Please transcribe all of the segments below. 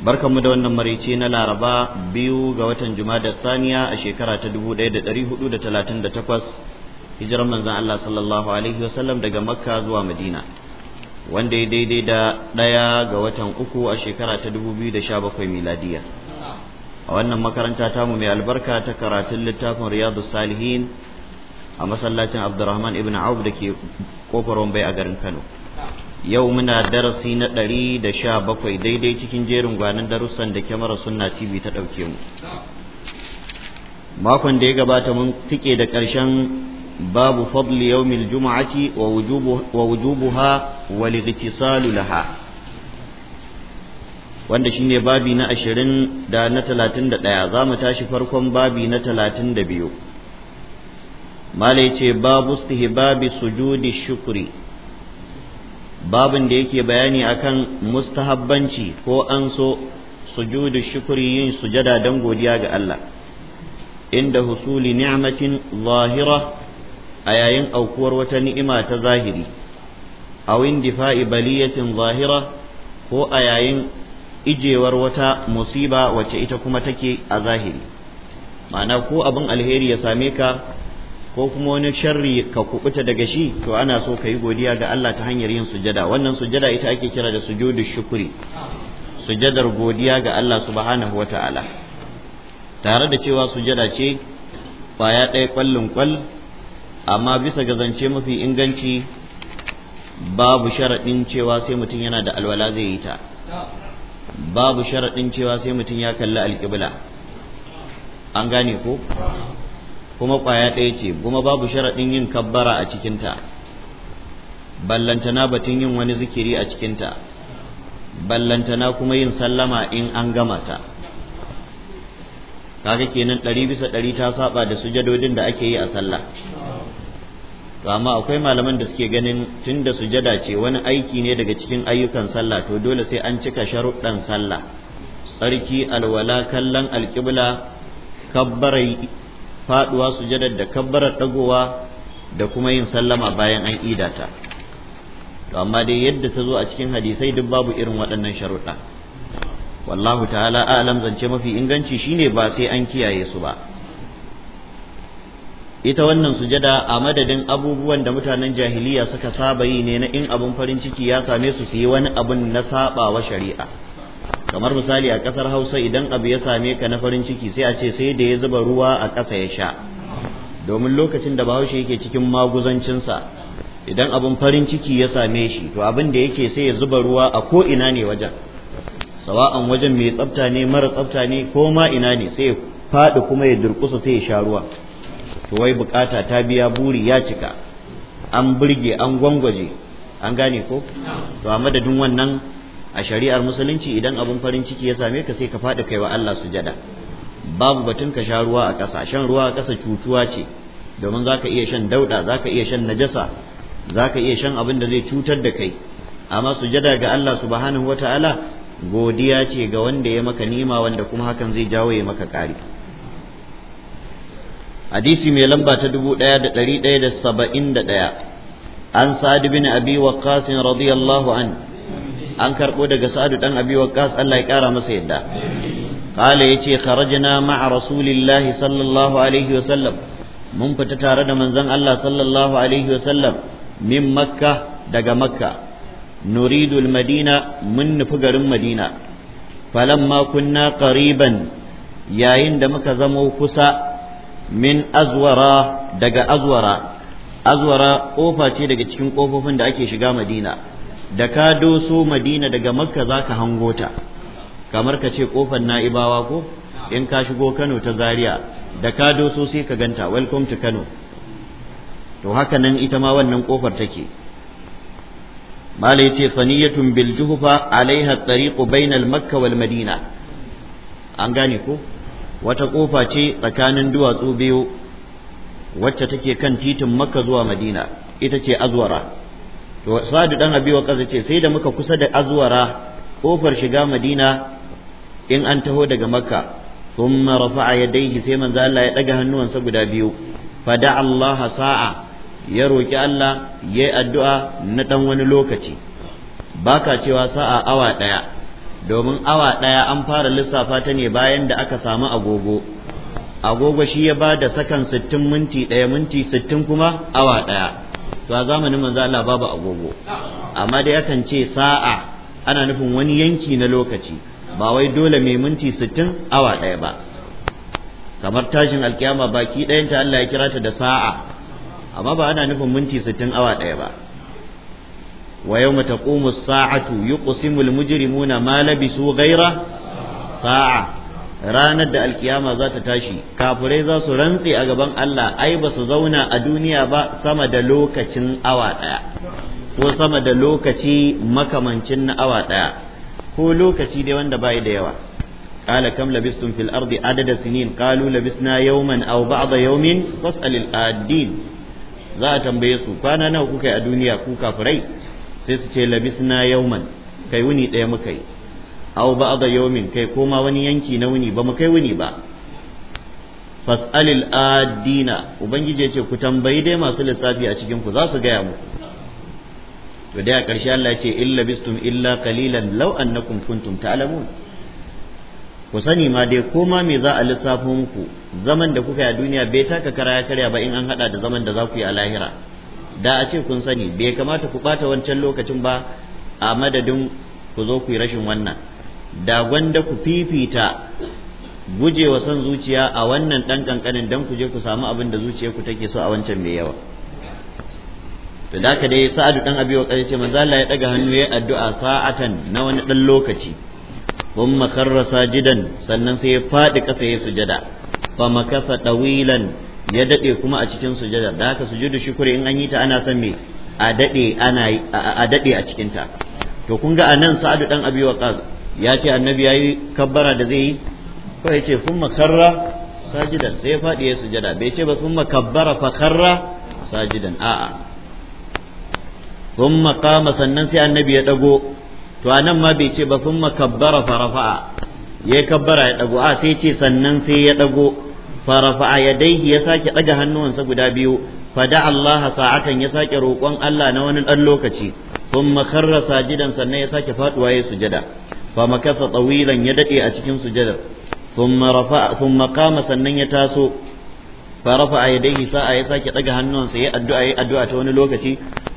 barkanmu da wannan maraice na laraba biyu ga watan juma da saniya a shekara ta 1438 hijirar manzan Allah sallallahu alaihi wasallam daga makka zuwa madina wanda ya daidai da ɗaya ga watan uku a shekara ta 2017 miladiya a wannan makaranta tamu mai albarka ta karatun littafin riyadu salihin a masallacin abdurrahman ibn auf da ke kofar wambai a garin kano yau muna darasi na ɗari da sha bakwai daidai cikin jerin gwanin darussan da kyamara sunna tv ta ɗauke mu makon da ya gabata mun tike da ƙarshen babu fadli juma'a juma'ati wa wujubuha wa lightisalu laha wanda shine babi na ashirin da na talatin da ɗaya za mu tashi farkon babi na talatin da biyu mala ce babu su sujudi shukri babin da yake bayani akan mustahabbanci ko an so sujudu shukuri yin sujada don godiya ga Allah inda husuli ni'matin zahira a yayin aukuwar wata ni'ima ta zahiri a indifa'i baliyatin zahira ko a yayin ijewar wata musiba wacce ita kuma take a zahiri ma'ana ko abin alheri ya same ka ko kuma wani sharri ka kubuta daga shi to ana so ka yi godiya ga Allah ta hanyar yin sujada wannan sujada ita ake kira da sujudu shukuri sujadar godiya ga Allah subhanahu wa ta'ala tare da cewa sujada ce baya ɗaya kwallon kwal amma bisa ga zance mafi inganci babu sharaɗin cewa sai mutum yana da alwala zai yi ta babu sharaɗin cewa sai mutum ya kalli alƙibla an gane ko kuma kwaya ɗaya ce kuma babu sharaɗin yin kabbara a cikinta ballantana batun yin wani zikiri a cikinta ballantana kuma yin sallama in an gama ta kaga kenan ɗari bisa ɗari ta saba da sujadodin da ake yi a sallah to amma akwai malaman da suke ganin tun tunda sujada ce wani aiki ne daga cikin ayyukan sallah to dole sai an cika sharuɗɗan sallah tsarki alwala kallon alƙibla kabbarai faduwa sujadar da kabbarar dagowa da kuma yin sallama bayan an ida ta to amma dai yadda ta zo a cikin hadisai duk babu irin waɗannan sharuɗa wallahu ta'ala a'lam zance mafi inganci shine ba sai an kiyaye su ba ita wannan sujada a madadin abubuwan da mutanen jahiliya suka saba yi ne na in abun farin ciki ya same su su yi wani abun na sabawa shari'a kamar misali a kasar hausa idan abu ya same ka na farin ciki sai a ce sai da ya zuba ruwa a ƙasa ya sha domin lokacin da bahaushe yake cikin maguzancinsa idan abin farin ciki ya same shi to abin da yake sai ya zuba ruwa a ko ina ne wajen sawa'an wajen mai tsafta ne mara tsafta ne ko ma ina ne sai ya faɗi kuma ya durƙusa sai ya sha ruwa to wai bukata ta biya buri ya cika an burge an gwangwaje an gane ko to a madadin wannan a shari'ar musulunci idan abun farin ciki ya same ka sai ka faɗi kai wa Allah sujada babu batun ka sha ruwa a ƙasa shan ruwa a ƙasa cutuwa ce domin zaka iya shan dauda zaka iya shan najasa zaka iya shan abin da zai cutar da kai amma sujada ga Allah subhanahu wataala godiya ce ga wanda ya maka nima wanda kuma hakan zai jawo ya maka ƙari hadisi mai lamba ta dubu ɗaya da ɗari ɗaya da saba'in da ɗaya an sa'ad bin abi waqqas radiyallahu anhu an karbo daga sa'adu dan abi waqqas Allah ya kara masa yadda qala yace kharajna ma'a rasulillahi sallallahu alaihi wa sallam mun fita tare da manzon Allah sallallahu alaihi wa sallam min makka daga makka nuridu madina mun nufi garin madina falamma kunna qariban yayin da muka zamo kusa min azwara daga azwara azwara kofa ce daga cikin kofofin da ake shiga madina da ka doso madina daga makka za ka hango ta kamar ka ce kofar na'ibawa ko in ka shigo kano ta Zariya, da ka doso sai ka ganta welcome to kano to haka nan ita ma wannan kofar take mala yace faniyatun bil juhufa alaiha tariqu bainal makka wal madina an gane ko wata kofa ce tsakanin duwatsu biyu wacce take kan titin makka zuwa madina ita ce azwara to sadu dan abi wa kaza ce sai da muka kusa da azwara kofar shiga madina in an taho daga makka thumma rafa'a yadayhi sai manzo Allah ya daga hannuwansa guda biyu fada Allah sa'a ya roki Allah ya yi addu'a na dan wani lokaci baka cewa sa'a awa daya domin awa daya an fara lissafa ta ne bayan da aka samu agogo agogo shi ya ba da sakan 60 minti daya minti 60 kuma awa daya to a zamanin manzo Allah babu agogo amma dai akan ce sa'a ana nufin wani yanki na lokaci ba wai dole mai minti 60 awa ɗaya ba kamar tashin alkiyama baki ɗayanta Allah ya kira ta da sa'a amma ba ana nufin minti 60 awa ɗaya ba wa yawma taqumu as-sa'atu yuqsimu al-mujrimuna ma labisu ghayra sa'a ranar da alkiyama za ta tashi kafirai za su rantse a gaban Allah ai ba su zauna a duniya ba sama da lokacin awa ɗaya ko sama da lokaci makamancin na awa ɗaya ko lokaci dai wanda bai da yawa qala kam labistum fil ardi adada sinin qalu labisna yawman aw ba'da yawmin fas'al adin za a tambaye su kwana nawa kuka yi a duniya ku kafirai sai su ce labisna yawman kai wuni ɗaya muka yi aw ba'da yawmin kai koma wani yanki na wuni ba mu kai wuni ba fas'alil adina ubangiji yace ku tambayi dai masu lissafi a cikin ku za su gaya muku to dai a ƙarshe Allah ce illa bistum illa qalilan law annakum kuntum ta'lamun ku sani ma dai ma me za a lissafo muku zaman da kuka yi a duniya bai taka kara ya karya ba in an hada da zaman da za ku yi a lahira da a ce kun sani bai kamata ku bata wancan lokacin ba a madadin ku zo ku yi rashin wannan da gwanda ku fifita gujewa son zuciya a wannan ɗan ƙanƙanin don ku je ku samu abin da zuciyarku take so a wancan mai yawa to da ka dai sa'adu dan abiyo waqas ce manzo Allah ya daga hannu ya addu'a sa'atan na wani dan lokaci thumma kharra sajidan sannan sai ya faɗi kasa ya sujada fa makasa tawilan ya daɗe kuma a cikin sujada da haka sujudu shukuri in an yi ta ana son me a daɗe a cikinta. to kun ga a nan sa'adu dan abiyo waqas ya ce annabi ya yi kabbara da zai yi kawai ya ce sun makarra sajidan sai ya faɗi ya sujada bai ce ba sun makabbara fakarra sajidan a'a sun makama sannan sai annabi ya ɗago to a nan ma bai ce ba sun makabbara farafa'a ya yi kabbara ya ɗago a sai ce sannan sai ya ɗago farafa'a ya daihi ya sake ɗaga hannuwansa guda biyu fada Allah sa'atan ya sake roƙon Allah na wani ɗan lokaci sun makarra sajidan sannan ya sake faɗuwa ya sujada fa makasa tsawilan ya dade a cikin sujada, thumma rafa thumma qama sannan ya taso fa rafa yadayhi sa'a ya sake daga hannunsa ya addu'a ya addu'a ta wani lokaci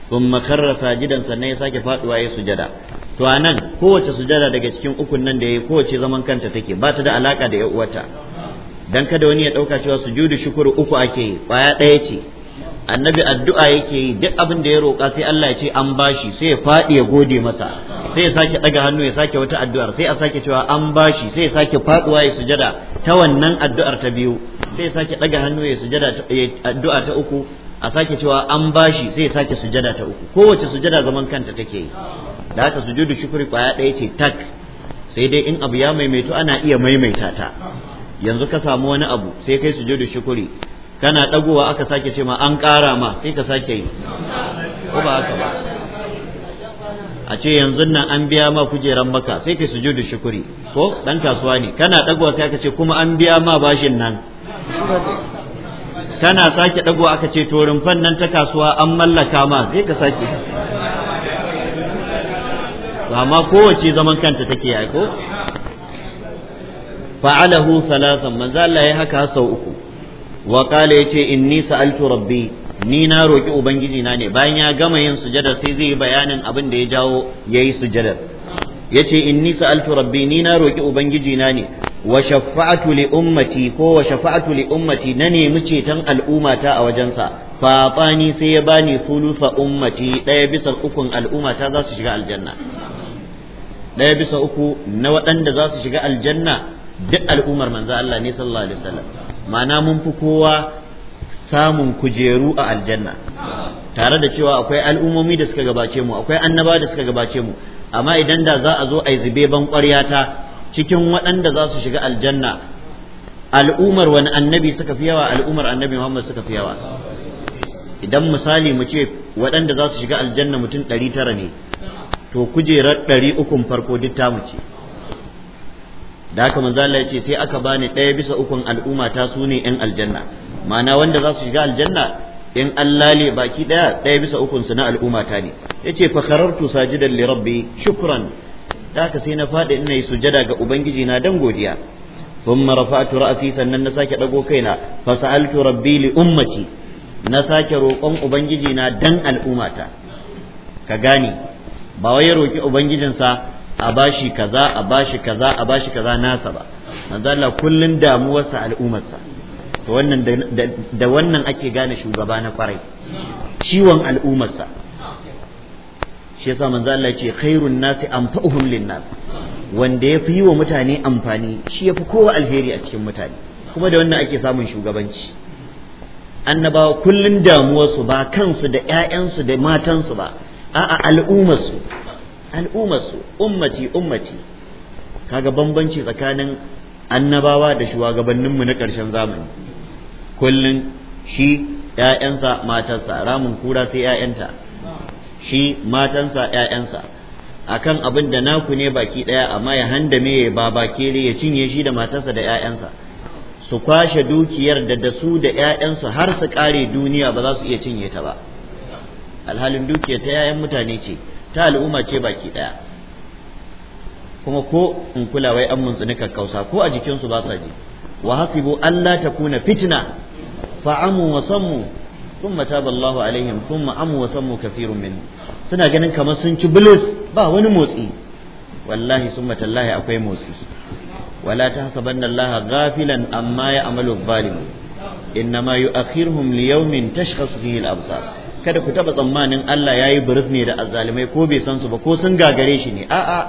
thumma karra sajidan sannan ya sake faduwa ya sujada to anan kowace sujada daga cikin ukun nan da yayi kowace zaman kanta take ba ta da alaka da 'yan uwata dan kada wani ya dauka cewa sujudu shukuru uku ake yi kwaya ɗaya ce annabi addu'a yake yi duk abin da ya roƙa sai Allah ya ce an bashi sai ya faɗi ya gode masa sai ya sake ɗaga hannu ya sake wata addu'ar sai a sake cewa an bashi sai ya sake faɗuwa ya sujada ta wannan addu'ar ta biyu sai ya sake ɗaga hannu ya sujada addu'a ta uku a sake cewa an bashi sai ya sake sujada ta uku kowace sujada zaman kanta take yi da haka sujudu shukuri kwaya ɗaya ce tak sai dai in abu ya maimaito ana iya maimaita ta yanzu ka samu wani abu sai kai sujudu shukuri kana dagowa aka sake ce ma an ƙara ma sai ka sake yi ko ba haka ba a ce yanzu nan an biya ma kujeran maka sai ka sujudu shukuri ko dan kasuwa ne kana dagowa sai aka ce kuma an biya ma bashin nan kana sake dagowa aka ce to rumfan nan ta kasuwa an mallaka ma sai ka sake amma kowace zaman kanta take yi ko fa'alahu salasan manzo Allah ya haka sau uku wa qala yace inni sa'altu rabbi ni na roki ubangiji na ne bayan ya gama yin sujada sai zai yi bayanin abin da ya jawo yayi sujadar yace inni sa'altu rabbi ni na roki ubangiji na ne wa shafa'atu li ummati ko wa shafa'atu li ummati na nemi ceton al'ummata a wajensa fatani sai ya bani sulusa ummati ɗaya bisa ukun al'ummata za su shiga aljanna bisa uku na waɗanda za su shiga aljanna duk al'ummar manzo Allah ne sallallahu alaihi wasallam ma'ana mun fi kowa samun kujeru a aljanna tare da cewa akwai al'ummomi da suka gabace mu akwai annaba da suka gabace mu amma idan da za a zo a yi zube ban ta cikin waɗanda za su shiga aljanna al'umar wani annabi suka fi yawa al'umar annabi muhammad suka fi yawa idan misali mu ce waɗanda za su shiga aljanna mutum ɗari tara ne to kujerar ɗari ukun farko duk mu ce da haka manzo Allah ce sai aka bani ɗaya bisa ukun al'umma ta su ne yan aljanna ma'ana wanda za su shiga aljanna in Allah ne baki ɗaya ɗaya bisa ukun su na al'umma ta ne yace fa kharartu sajidan li rabbi shukran da haka sai na faɗi ina yi sujada ga ubangiji na dan godiya ثم رفعت رأسي sannan na sake dago kaina فسألت ربي لأمتي na sake roƙon ubangiji na dan ta. ka gane ba wai ya roki ubangijinsa a bashi kaza a bashi kaza a bashi kaza nasa ba manzo Allah kullun damuwarsa al'ummarsa to wannan da wannan ake gane shugaba na kwarai ciwon al'ummarsa shi yasa manzo Allah ya ce khairun nasi anfa'uhum linnas wanda ya fi yi wa mutane amfani shi ya fi kowa alheri a cikin mutane kuma da wannan ake samun shugabanci annabawa kullun damuwarsu ba kansu da 'ya'yansu da matansu ba a'a al'ummarsu al'ummarsu ummati ummati kaga bambanci tsakanin annabawa da shugabanninmu na ƙarshen zamani kullum shi ‘ya'yansa matarsa ramin kura sai ‘ya'yanta shi matansa ‘ya'yansa akan abin da naku ne baki ɗaya amma ya handame ya ba bakere ya cinye shi da matarsa da ‘ya'yansa su kwashe dukiyar da da su da ‘ya'yansu har su kare duniya ba za su iya cinye ta ba alhalin dukiyar ta ‘ya'yan mutane ce ta al'umma ce baki daya kuma ko in kula wai an mun kausa ko a jikinsu ba sa ji wa hasibu alla takuna fitna fa amu wa sammu thumma taba Allahu alaihim thumma amu wa sammu kathirun min suna ganin kamar sun ci bulus ba wani motsi wallahi summa tallahi akwai motsi wala tahsabanna Allah ghafilan amma ya amalu zalimun innama yu'akhiruhum liyawmin tashkhasu fihi al-absar kada ku taba tsammanin Allah yayi buris ne da azzalimai ko bai san su ba ko sun gagare shi ne a'a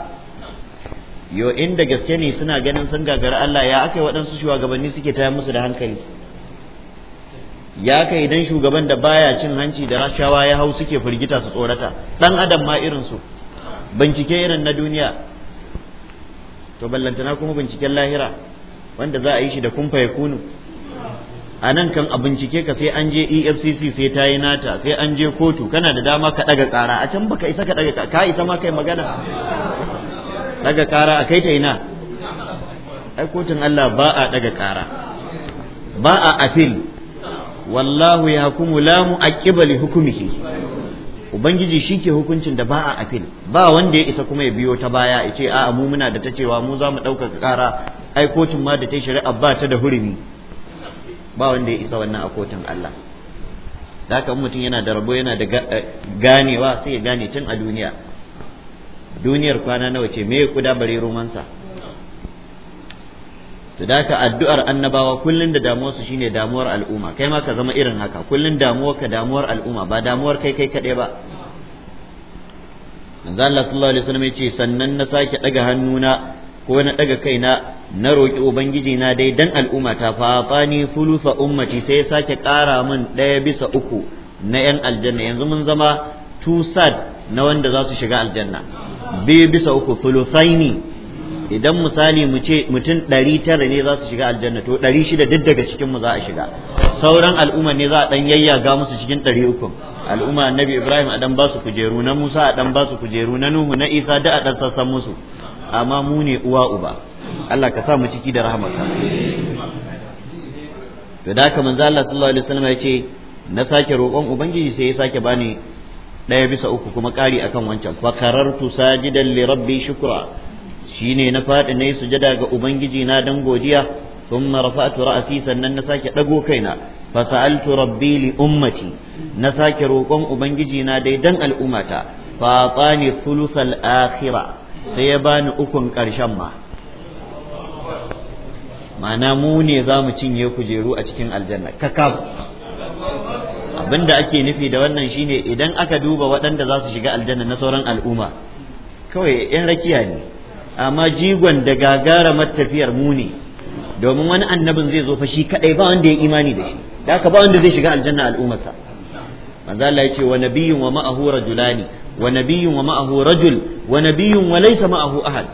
yo inda gaske ne suna ganin sun gagara Allah ya aka waɗansu shugabanni suke tayar musu da hankali ya kai idan shugaban da baya cin hanci da rashawa ya hau suke firgita su tsorata dan adam ma irin su bincike irin na duniya to ballantana kuma binciken lahira wanda za a yi shi da kumfa ya kunu a nan kan a bincike ka sai an je EFCC sai ta yi nata sai an je kotu kana da dama ka ɗaga ƙara a can baka isa ka ɗaga ka isa ma kai magana ɗaga ƙara a kai ta ina ai kotun Allah ba a ɗaga ƙara ba a afil wallahu ya hukumu lamu a ƙibali hukumihi ubangiji shi ke hukuncin da ba a afil ba wanda ya isa kuma ya biyo ta baya ya ce a'a mu muna da ta cewa mu za mu ɗaukaka ƙara ai kotun ma da ta shari'a ba ta da hurumi ba wanda ya isa wannan a kotun Allah da haka mutum yana da rabo yana da eh, ganewa sai ya gane tun a duniya duniyar kwana nawa ce me kuda bare rumansa to da haka addu'ar annabawa kullun da damuwarsu shine damuwar al'umma kai ma ka zama irin haka kullun damuwar ka damuwar al'umma ba damuwar kai kai kaɗai ba manzo Allah sallallahu alaihi wasallam ce sannan na sake daga hannuna ko na daga kaina na roki ubangiji na dai dan al'umma ta fatani sulusa ummati sai sake ƙara min ɗaya bisa uku na yan aljanna yanzu mun zama tusad sad na wanda za su shiga aljanna biyu bisa uku sulusaini idan misali mu ce mutum ɗari tara ne za su shiga aljanna to ɗari shida duk daga cikin mu za a shiga sauran al'umma ne za a ɗan yayyaga musu cikin ɗari uku al'umma annabi ibrahim a ɗan ba su kujeru na musa a ɗan ba su kujeru na nuhu na isa da a ɗan sassan musu amma mu ne uwa uba Allah ka sa mu ciki da rahmarsa to da ka manzo Allah sallallahu alaihi wasallam ya ce na sake roƙon ubangiji sai ya sake bani ɗaya bisa uku kuma ƙari akan wancan fa karartu sajidan li rabbi shukra shine na faɗi nayi sujada ga ubangiji na dan godiya sannan na sake sa'altu rabbi li ummati na sake sake ubangiji na dai dan al'umata fa فأعطاني الثلث akhirah sai ya bani ukun ƙarshen ma mana mu ne za mu cinye kujeru a cikin aljanna kakaf abinda ake nufi da wannan shine idan aka duba waɗanda za su shiga aljanna na sauran al'umma kawai 'yan rakiya ne amma jigon da gagara matafiyar mu ne domin wani annabin zai zo fa shi kadai ba wanda ya imani da shi da aka ba wanda zai shiga aljanna al'ummarsa manzo Allah ya ce wa nabiyyun wa ma'ahu rajulani wa nabiyyun wa ma'ahu rajul wa nabiyyun ahad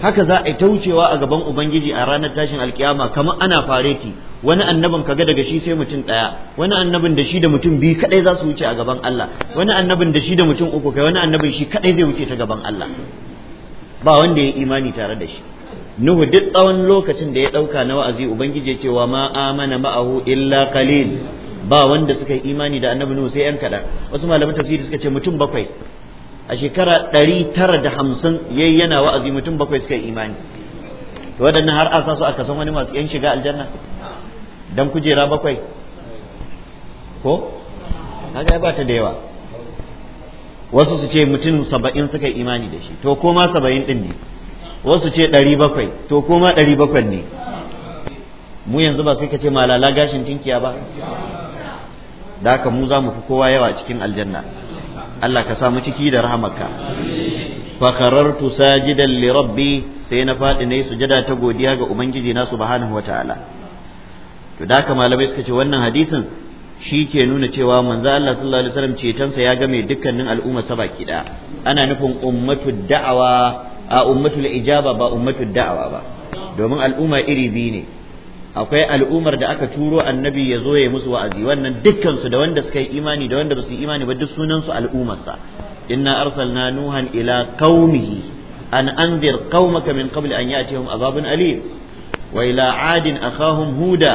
haka za a yi ta wucewa a gaban ubangiji a ranar tashin alkiyama kamar ana fareti wani annabin kaga daga shi sai mutum daya wani annabin da shi da mutum biyu kadai za su wuce a gaban Allah wani annabin da shi da mutum uku kai wani annabin shi kadai zai wuce ta gaban Allah ba wanda ya imani tare da shi Nuhu duk tsawon lokacin da ya ɗauka na wa'azi Ubangiji ya ce wa ma amana ma'ahu illa qalil ba wanda suka yi imani da annabi nuhu sai yan kaɗan wasu malaman tafsiri suka ce mutum bakwai a shekara ɗari tara da hamsin yayi yana wa'azi mutum bakwai suka yi imani to waɗannan har an su aka san wani masu yan shiga aljanna dan kujera bakwai ko kaga ba ta da yawa wasu su ce mutum saba'in suka yi imani da shi to koma saba'in din ne wasu ce ɗari bakwai to koma ɗari bakwai ne mu yanzu ba sai ka ce malala gashin tinkiya ba da haka mu za mu fi kowa yawa a cikin aljanna Allah ka samu ciki da rahamarka fa qarartu sajidan li rabbi sai na faɗi ne sujada ta godiya ga ubangiji na subhanahu wataala to da haka malamai suka ce wannan hadisin shi ke nuna cewa manzo Allah sallallahu alaihi wasallam cetonsa ya game dukkanin al'umma sa baki da ana nufin ummatu da'awa a ummatul ijaba ba ummatud da'awa ba domin al'umma iri biyu ne akwai al'ummar da aka turo annabi ya zo ya musu wa'azi wannan dukkansu da wanda suka yi imani da wanda ba su yi imani ba duk sunansu al'ummarsa inna arsalna nuhan ila qaumihi an anzir qaumaka min qabli an ya'tihum azabun alim wa ila adin akhahum huda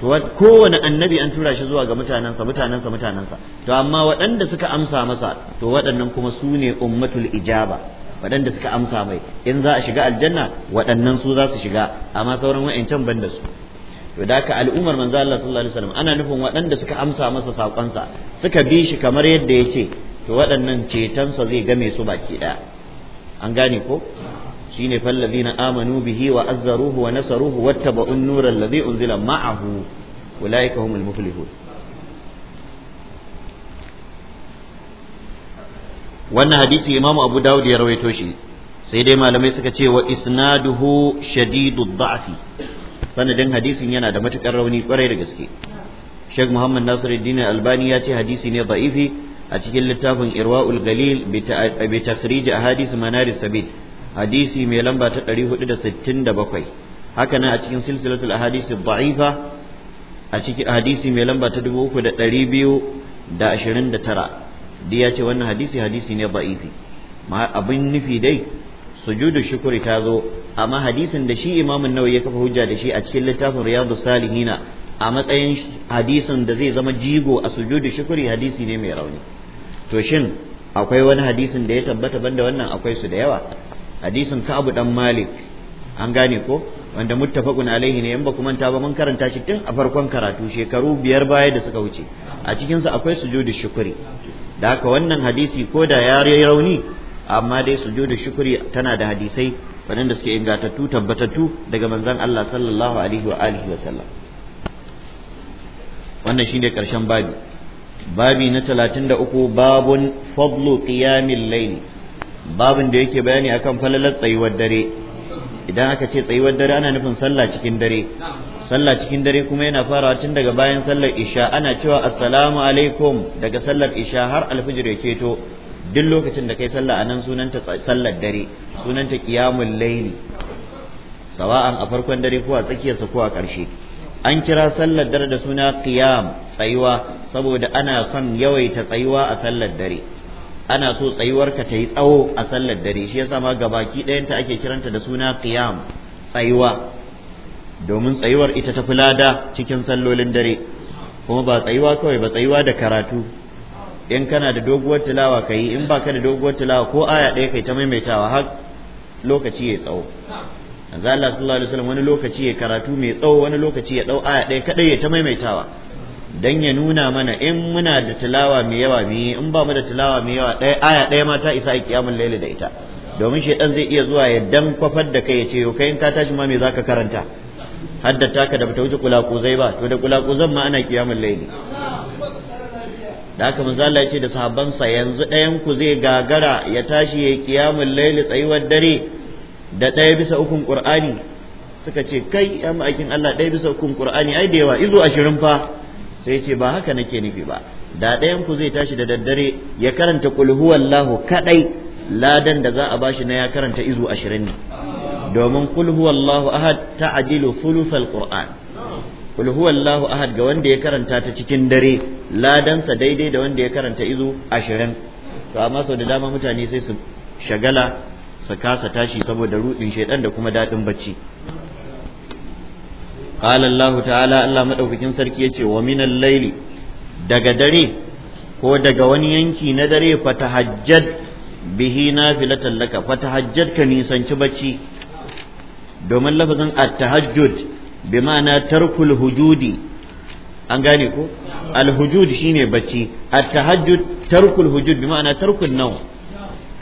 to kowane annabi an tura shi zuwa ga mutanansa mutanansa mutanansa to amma waɗanda suka amsa masa to waɗannan kuma su ne ummatul ijaba waɗanda suka amsa mai in za a shiga aljanna waɗannan su za su shiga amma sauran wa'ancan ban da su to da haka al'ummar manzo Allah sallallahu alaihi wasallam ana nufin waɗanda suka amsa masa sakonsa suka bi shi kamar yadda ya ce to waɗannan cetonsa zai game su baki ɗaya an gane ko shine fallazina amanu bihi wa azzaruhu wa nasaruhu wattaba'un nural ladzi unzila ma'ahu ulaika humul muflihun wannan hadisi imamu abu dawud ya rawaito shi sai dai malamai suka ce wa isnaduhu shadidud da'fi sanadin hadisin yana da matukar rauni kwarai da gaske Sheikh Muhammad Nasiruddin Albani ya ce hadisi ne da'ifi a cikin littafin Irwaul Galil bi takhrij ahadith manari sabil hadisi mai lamba ta 467 haka nan a cikin silsilatul ahadith da'ifa a cikin hadisi mai lamba ta 3229 duk ya ce wannan hadisi hadisi ne ba'ifi abin nufi dai sujudu shukuri ta zo amma hadisin da shi imamun nawawi ya kafa hujja da shi a cikin littafin riyadu salihina a matsayin hadisin da zai zama jigo a sujudu shukuri hadisi ne mai rauni to shin akwai wani hadisin da ya tabbata banda wannan akwai su da yawa hadisin ka'abu dan malik an gane ko wanda muttafaqun alaihi ne in ba kuma ba mun karanta shi tun a farkon karatu shekaru biyar baya da suka wuce a cikin sa akwai sujudu shukuri da haka wannan hadisi ko da ya rauni amma dai sujudu shukuri tana da hadisai da suke ingantattu, tabbatattu daga manzon Allah sallallahu alaihi wa alihi wa sallam wannan shine karshen babi babi na 33 babun fadlu qiyamil layl babin da yake bayani akan falalar tsayuwar dare idan aka ce tsayuwar dare ana nufin sallah cikin dare sallah cikin dare kuma yana farawa tun daga bayan sallar isha ana cewa assalamu alaikum daga sallar isha har alfijir ya keto duk lokacin da kai sallah anan sunanta sallar dare sunanta qiyamul laili. sawa'an a farkon dare ko a tsakiyarsa ko a ƙarshe an kira sallar dare da suna qiyam tsayuwa saboda ana son yawaita tsayuwa a sallar dare ana so ka ta yi tsawo a sallar dare shi yasa ma gabaki ɗayanta ake kiranta da suna qiyam tsayuwa domin tsayuwar ita ta lada cikin sallolin dare kuma ba tsayuwa kawai ba tsayuwa da karatu in kana da doguwar tilawa ka yi in baka da doguwar tilawa ko aya ɗaya kai ta maimaitawa har lokaci ya tsawo manzo Allah sallallahu alaihi wasallam wani lokaci ya karatu mai tsawo wani lokaci ya dau aya ɗaya kadai ya ta maimaitawa dan ya nuna mana in muna da tilawa mai yawa mi in ba mu da tilawa mai yawa ɗaya aya ɗaya ma ta isa kiyamul laili da ita domin shedan zai iya zuwa ya dan kwafar da kai ya ce yo kai in ka tashi ma me zaka karanta haddata ka da bata wuce kulakuzai ba to da kulakuzan ma ana kiyamul laili da haka manzo Allah ya ce da sahabbansa yanzu ɗayan ku zai gagara ya tashi ya kiyamul laili tsayuwar dare da ɗaya bisa ukun qur'ani suka ce kai ya ma'aikin Allah ɗaya bisa ukun qur'ani ai da yawa izo 20 fa sai ce ba haka nake nufi ba da ɗayan ku zai tashi da daddare ya karanta kulhuwallahu huwallahu kadai ladan da za a bashi na ya karanta izu 20 ne domin kul huwallahu ahad ta'dilu thuluthal qur'an kul huwallahu ahad ga wanda ya karanta ta cikin dare ladansa daidai da wanda ya karanta izu 20 to amma sau da dama mutane sai su shagala su kasa tashi saboda rudin shedan da kuma dadin bacci قال الله تعالى Allah madaukakin sarki yace wa minal layli daga dare ko daga wani yanki na dare fatahajjad bihi nafilatan laka fatahajjad ka nisanci bacci domin lafazin at-tahajjud bi ma'ana tarkul hujudi an gane ko al-hujud shine bacci at-tahajjud tarkul hujud bi ma'ana tarkul naw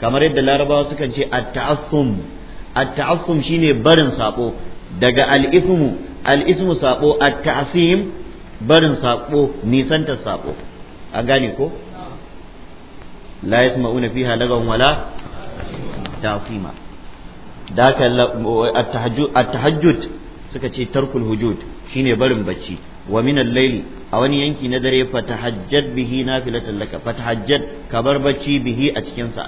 kamar yadda larabawa sukan ce at-ta'assum at-ta'assum shine barin sako daga al-ismu al-ismu sako at-ta'sim barin sabo nisanta sako an gane ko la yasma'una fiha lagawan wala ta'sima da haka at-tahajjud suka ce tarkul hujud shine barin bacci wa min al a wani yanki na dare fatahajjad bihi nafilatan laka fatahajjad ka bar bacci bihi a cikin sa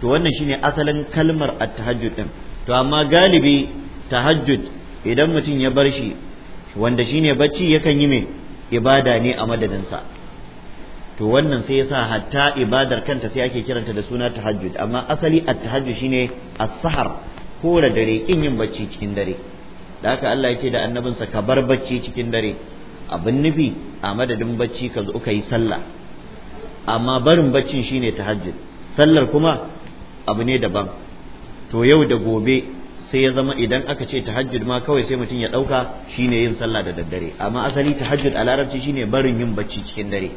to wannan shine asalin kalmar at-tahajjud din to amma galibi tahajjud idan mutum ya bar shi wanda shine bacci yakan yi me ibada ne a madadinsa to wannan sai yasa hatta ibadar kanta sai ake kiranta da suna tahajjud amma asali at-tahajjud shine as-sahar kora dare kin yin bacci cikin dare da haka Allah ya ce da annabinsa ka bar bacci cikin dare abin nufi a madadin bacci ka zo ka yi sallah amma barin baccin shine tahajjud sallar kuma abu ne daban to yau da gobe sai ya zama idan aka ce tahajjud ma kawai sai mutum ya ɗauka shine yin sallah da daddare amma asali tahajjud a larabci shine barin yin bacci cikin dare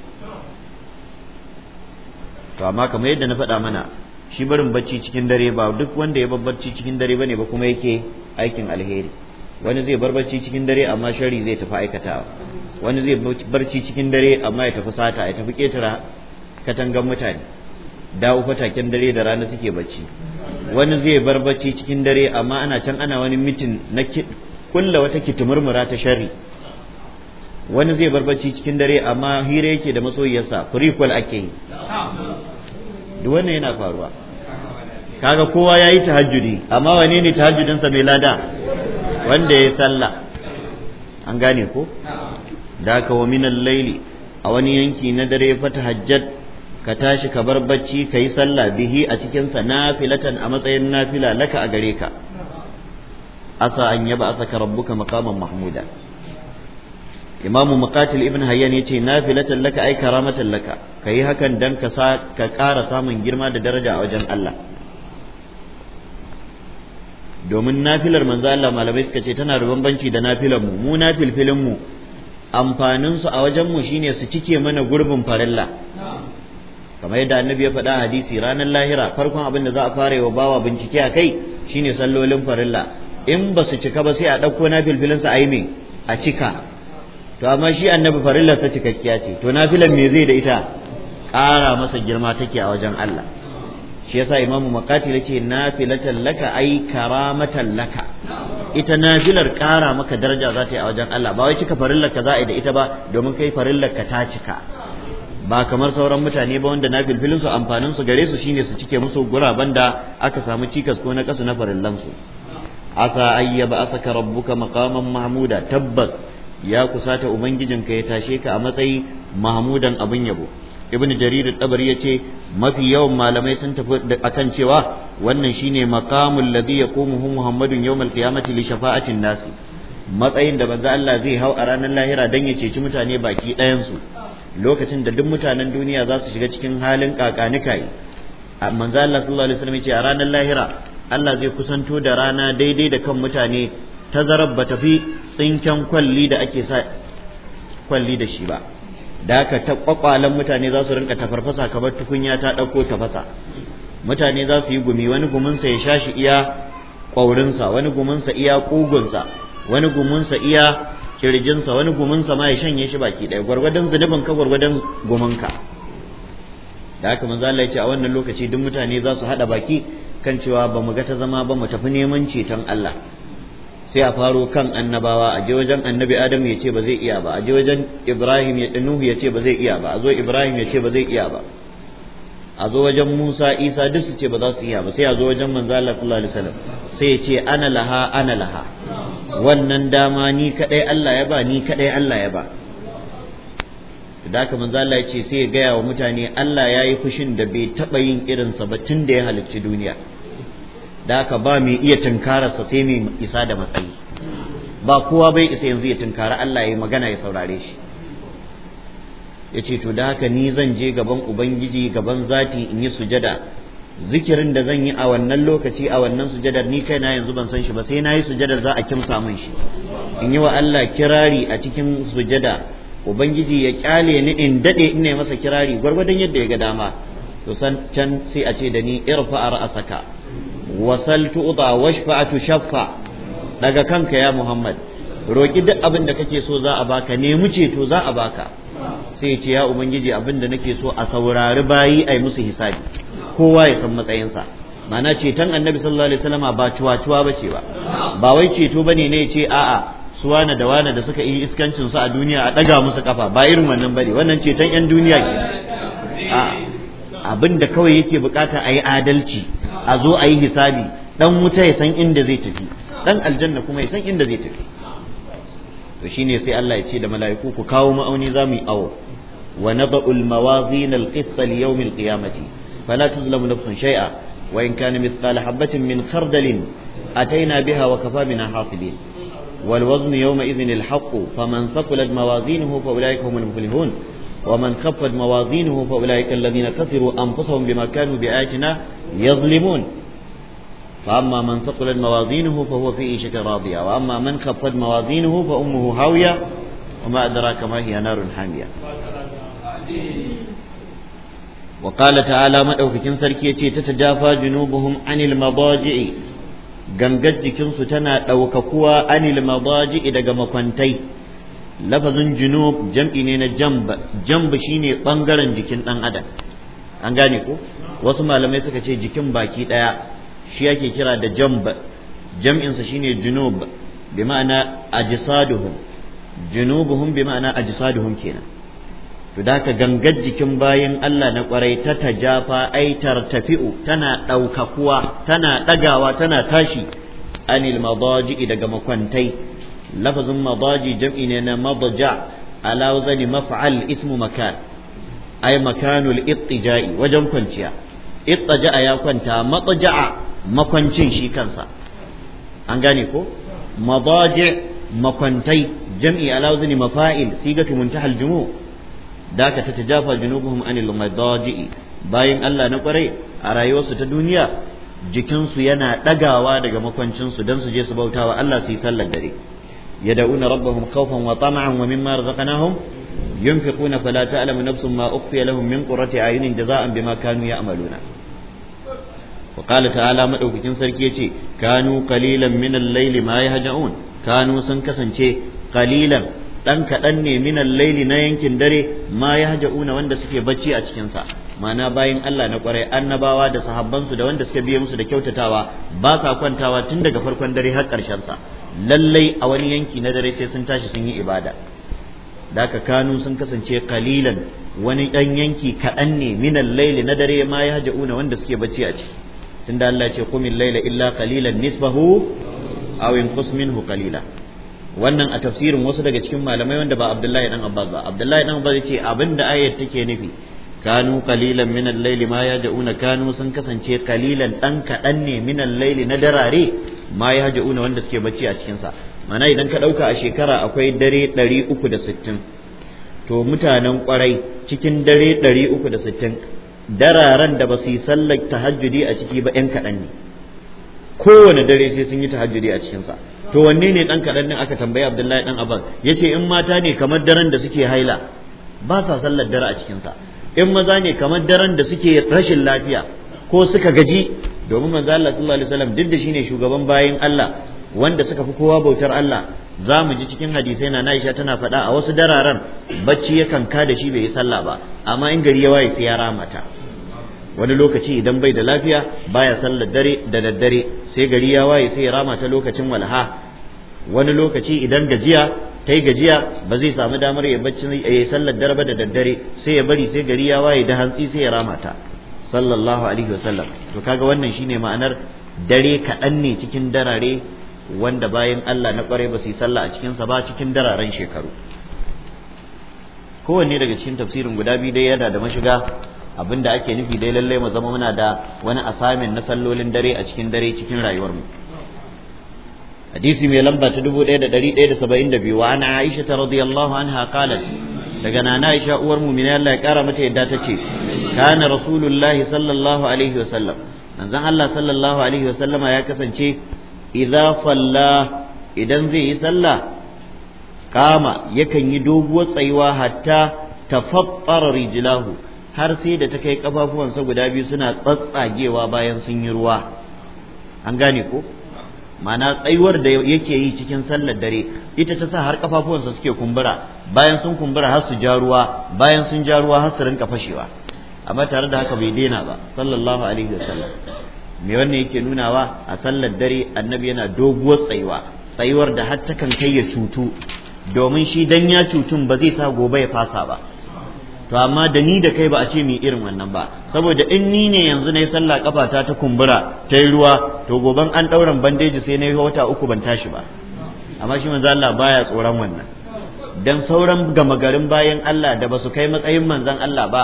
to amma kamar yadda na faɗa mana shi barin bacci cikin dare ba duk wanda ya babbarci cikin dare bane ba kuma yake aikin alheri wani zai bar barci cikin dare amma shari zai tafi aikatawa wani zai barci cikin dare amma ya tafi sata ya tafi ketara katangan mutane dawo fataken dare da rana suke bacci wani zai bar bacci cikin dare amma ana can ana wani mitin na kulla wata kitumurmura ta shari wani zai bar bacci cikin dare amma hira yake da masoyiyarsa prequel ake yi duk wannan yana faruwa kaga kowa ya yi tahajjudi amma wane ne tahajjudinsa mai lada wanda ya sallah an gane ko da ka wa minan laili a wani yanki na dare fa hajjat ka tashi ka bar bacci ka yi sallah bihi a cikinsa nafilatan a matsayin nafila laka a gare ka asa an yaba asaka rabbuka maqaman mahmuda Imam muqatil ibn hayyan yace nafilatan laka ai karamatan laka kai hakan dan ka ka kara samun girma da daraja a wajen Allah domin nafilar manzo Allah malamai suka ce tana da bambanci da nafilar mu mu nafilfilin mu amfanin su a wajen mu shine su cike mana gurbin farilla kamar yadda annabi ya faɗa hadisi ranar lahira farkon abin da za a fara wa bawa bincike a kai shine sallolin farilla in ba su cika ba sai a ɗauko nafilfilin su a a cika to amma shi annabi farillar sa cikakkiya ce to nafilan me zai da ita ƙara masa girma take a wajen Allah shi yasa imamu maqatil ce nafilatan laka ai karamatan laka ita nafilar kara maka daraja za ta yi a wajen Allah ba wai cika farillar ka za a yi da ita ba domin kai farillar ka ta cika ba kamar sauran mutane ba wanda nafilfilin su amfanin su gare su shine su cike musu guraben da aka samu cikas ko na kasu na farillan su asa ayyaba asaka rabbuka maqaman mahmuda tabbas ya kusata ubangijinka ya tashe ka a matsayi mahmudan abin yabo ibn jarir ya ce mafi yawan malamai sun tafi akan cewa wannan shine maqamul ladhi yaqumu muhammadun yawmal qiyamati li shafa'atin nas matsayin da banza Allah zai hau a ranar lahira dan ya ceci mutane baki ɗayan su lokacin da duk mutanen duniya za su shiga cikin halin kakanikai manzo Allah sallallahu alaihi wasallam ce a ranar lahira Allah zai kusanto da rana daidai da kan mutane tazarar ba tafi tsinken kwalli da ake sa kwalli da shi ba da haka ta kwakwalan mutane za su rinka tafarfasa kamar tukunya ta ɗauko tafasa mutane za su yi gumi wani guminsa ya shashi iya ƙwaurinsa wani guminsa iya ƙugunsa wani guminsa iya kirjinsa wani guminsa ma ya shanye shi baki ɗaya gwargwadon zunubin ka gwargwadon guminka da haka manzo Allah ya ce a wannan lokaci duk mutane za su haɗa baki kan cewa ba mu ga ta zama ba mu tafi neman ceton Allah sai a faro kan annabawa a je wajen annabi adam ya ce ba zai iya ba a je wajen ibrahim ya nuhu ya ce ba zai iya ba a zo ibrahim ya ce ba zai iya ba a zo wajen musa isa duk su ce ba za su iya ba sai a zo wajen manzo Allah sallallahu alaihi wasallam sai ya ce ana laha ana laha wannan dama ni kadai Allah ya ba ni kadai Allah ya ba da haka manzo Allah ya ce sai ya gaya wa mutane Allah ya yi fushin da bai taba yin irinsa ba tun da ya halicci duniya da aka ba mu iya sa sai mai isa da matsayi ba kowa bai isa yanzu ya tunkara Allah ya magana ya saurare shi yace to da haka ni zan je gaban ubangiji gaban zati in yi sujada zikirin da zan yi a wannan lokaci a wannan sujadar ni kai na yanzu ban san shi ba sai na yi sujadar za a kimsa min shi in yi wa Allah kirari a cikin sujada ubangiji ya kyale ni in dade ina masa kirari gwargwadon yadda ya ga dama to san can sai a ce da ni irfa ra'asaka wasal tu'ta washfa shaffa daga kanka ya Muhammad roki duk abin da kake so za a baka nemi ceto za a baka sai ce ya ubangiji abin da nake so a saurari bayi ai musu hisabi kowa ya san matsayinsa ma'ana ceton annabi sallallahu alaihi wasallama ba cuwa-cuwa ba ce ba ba wai ceto bane ne ce a'a su da wana da suka yi iskancin su a duniya a daga musu kafa ba irin wannan bane wannan ceton yan duniya ke abin da kawai yake bukata a yi adalci a zo a yi hisabi dan wuta ya san inda zai tafi dan aljanna kuma ya san inda zai tafi to shine sai Allah ya ce da mala'iku ku kawo ma'auni za mu yi awo wa nada'u al-mawazin al li yawm alqiyamati fala tuzlamu nafsun shay'a wa in kana mithqala habatin min khardalin ataina biha wa kafa bina hasibin والوزن يومئذ الحق فمن ثقلت موازينه فأولئك هم المفلحون ومن خفت موازينه فأولئك الذين خسروا أنفسهم بما كانوا بآياتنا يظلمون فأما من ثقلت موازينه فهو في عيشة راضية وأما من خفت موازينه فأمه هاوية وما أدراك ما هي نار حامية وقال تعالى كنسر كيتي تتجافى جنوبهم عن المضاجع gangar jikinsu أو ɗaukakuwa anil madaji إذا makwantai lafazin لفظ جنوب ne na جنب جنب شيني ɓangaren jikin ɗan adam an gane ko wasu malamai suka ce jikin baki ɗaya shi ake kira da jamb jam'insa shine junub bi ma'ana ajsaduhum junubuhum bi ma'ana ajsaduhum kenan to da ka gangar jikin bayan Allah na kwarai ta tajafa ai tafi'u tana ɗaukakuwa tana ɗagawa tana tashi anil madaji'i daga makwantai lafazin madaji jam'i ne na madaja ala wazani maf'al ismu makan ai makanul ittija'i wajen kwanciya ittaja'a ya kwanta matsaja'a makwancin shi kansa an gane ko madaji makwantai jam'i alawzini mafa'il sigatu muntahal jumu da tatajafa junubuhum anil madaji bayan Allah na kwarai a rayuwarsu ta duniya jikinsu yana ɗagawa daga makwancinsu don su je su bautawa Allah su yi sallar dare yad'una rabbahum khawfan wa tama'an wa mimma razaqnahum ينفقون فلا تعلم نفس ما أخفي لهم من قرة عين جزاء بما كانوا يعملون وقال تعالى مدوكتين سركيتي كانوا قليلا من الليل ما يهجعون كانوا سنكسنتي قليلا dan kaɗan ne minan laili na yankin dare ma ya haja'una wanda suke bacci a cikinsa mana bayan Allah na kwarai annabawa da sahabbansu da wanda suka biye musu da kyautatawa ba sa kwantawa tun daga farkon dare har karshen sa lallai a wani yanki na dare sai sun tashi sun yi ibada da ka kanu sun kasance kalilan wani ɗan yanki kaɗan ne minan laili na dare ma ya una wanda suke bacci a ciki Tun da Allah ce kumin laila illa kalilan nisbahu aw inqus minhu qalila wannan a tafsirin wasu daga cikin malamai wanda ba Abdullahi dan Abbas ba Abdullahi dan Abbas yace abinda ayat take nufi kanu qalilan min al-layl ma yaj'una kanu sun kasance qalilan dan kadan ne minan al na darare ma ya yaj'una wanda suke bacci a cikin sa mana idan ka ɗauka a shekara akwai dare ɗari uku da sittin to mutanen ƙwarai cikin dare ɗari uku da sittin dararen da ba su yi sallar tahajjudi a ciki ba ‘yan kaɗan ne kowane dare sai sun yi tahajjudi a cikinsa to wanne ne ɗan kaɗan ɗin aka tambayi abdullahi ɗan abbas ya ce in mata ne kamar daren da suke haila ba sa sallar dare a cikinsa in maza ne kamar daren da suke rashin lafiya ko suka gaji domin manzo Allah sallallahu alaihi wasallam duk da shine shugaban bayin Allah wanda suka fi kowa bautar Allah za mu ji cikin hadisai na Aisha tana faɗa a wasu dararen bacci yakan ka da shi bai yi sallah ba amma in gari ya waye sai ya ramata wani lokaci idan bai da lafiya baya sallar dare da daddare sai gari ya waye sai ya ramata lokacin walha wani lokaci idan gajiya ta yi gajiya ba zai samu damar ya bacci ya yi sallar darba da daddare sai ya bari sai gari ya waye da hantsi sai ya rama sallallahu alaihi wasallam to kaga wannan shine ma'anar dare kaɗan ne cikin darare wanda bayan Allah na kware ba su yi sallah a cikinsa ba cikin dararen shekaru kowanne daga cikin tafsirin guda biyu dai yana da mashiga abinda ake nufi dai lallai mu zama muna da wani asamin na sallolin dare a cikin dare cikin rayuwarmu hadisi mai lamba ta 1172 wa ana Aisha ta radiyallahu anha qalat daga nana Aisha uwar mina Allah ya kara mata yadda ta ce kana rasulullahi sallallahu alaihi wasallam manzon Allah sallallahu alaihi wasallama ya kasance idza salla idan zai yi sallah kama yakan yi doguwar tsayuwa hatta tafaffara rijlahu har sai da ta kai kafafuwansa guda biyu suna tsatsagewa bayan sun yi ruwa an gane ko mana tsayuwar da yake yi cikin sallar dare ita ta sa har kafafuwansa suke kumbura bayan sun kumbura har su ja ruwa bayan sun ja ruwa har su rinka fashewa amma tare da haka bai daina ba sallallahu alaihi wasallam me wannan yake nunawa a sallar dare annabi yana doguwar tsayuwa tsayuwar da har takan kai ya cutu domin shi dan ya cutun ba zai sa gobe ya fasa ba to amma da ni da kai ba a ce mu irin wannan ba saboda in ni ne yanzu na yi sallah kafata ta ta kumbura ta yi ruwa to goben an ɗauran bandeji sai na yi wata uku ban tashi ba amma shi manzo Allah baya tsoron wannan dan sauran gama garin bayan Allah da ba su kai matsayin manzon Allah ba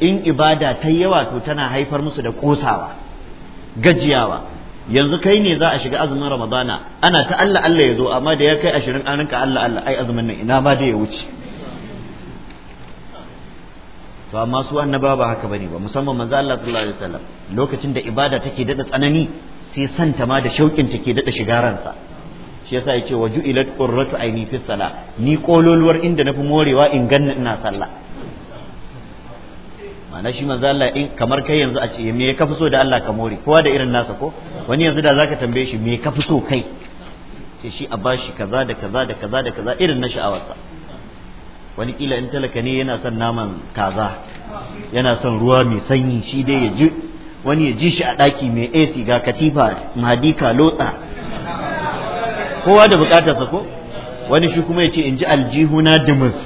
in ibada ta yawa to tana haifar musu da kosawa gajiyawa yanzu kai ne za a shiga azumin ramadana ana ta Allah Allah ya zo amma da ya kai ashirin an ka Allah Allah ai azumin nan ina ma da ya wuce to amma su annaba ba haka bane ba musamman manzo Allah sallallahu alaihi wasallam lokacin da ibada take dada tsanani sai santa ma da shauƙin take dada shiga ransa shi yasa yace wa ju'ilat qurratu aini fi sala ni kololuwar inda na fi morewa in ganna ina sallah ma'ana shi manzo Allah in kamar kai yanzu a ce me ka fi so da Allah ka more kowa da irin nasa ko wani yanzu da zaka tambaye shi me ka fi so kai sai shi a bashi kaza da kaza da kaza da kaza irin na sha'awarsa wani kila in talaka ne yana son naman kaza yana son ruwa mai sanyi shi dai ya ji wani ya ji shi a ɗaki mai AC ga katifa madika lotsa kowa da bukatarsa ko wani shi kuma ya ce in ji aljihu na dimus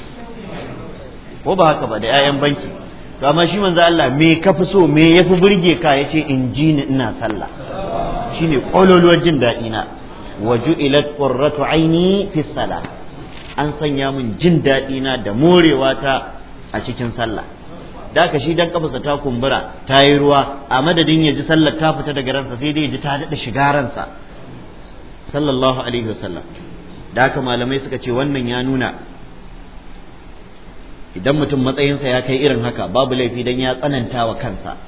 ko ba haka ba da 'ya'yan banki to amma shi manzo Allah me ka fi so me yafi burge ka yace in ji ni ina sallah shine kololuwar jin daɗi na waju ilat qurratu aini fi salah an sanya mun jin daɗi na da morewa ta a cikin sallah da ka shi dan kafasa ta kumbura ta yi ruwa a madadin ya ji sallar ta fita daga ransa sai dai ya ji ta daɗa shiga ransa sallallahu alaihi wasallam da haka malamai suka ce wannan ya nuna idan mutum matsayinsa ya kai irin haka babu laifi dan ya tsananta wa kansa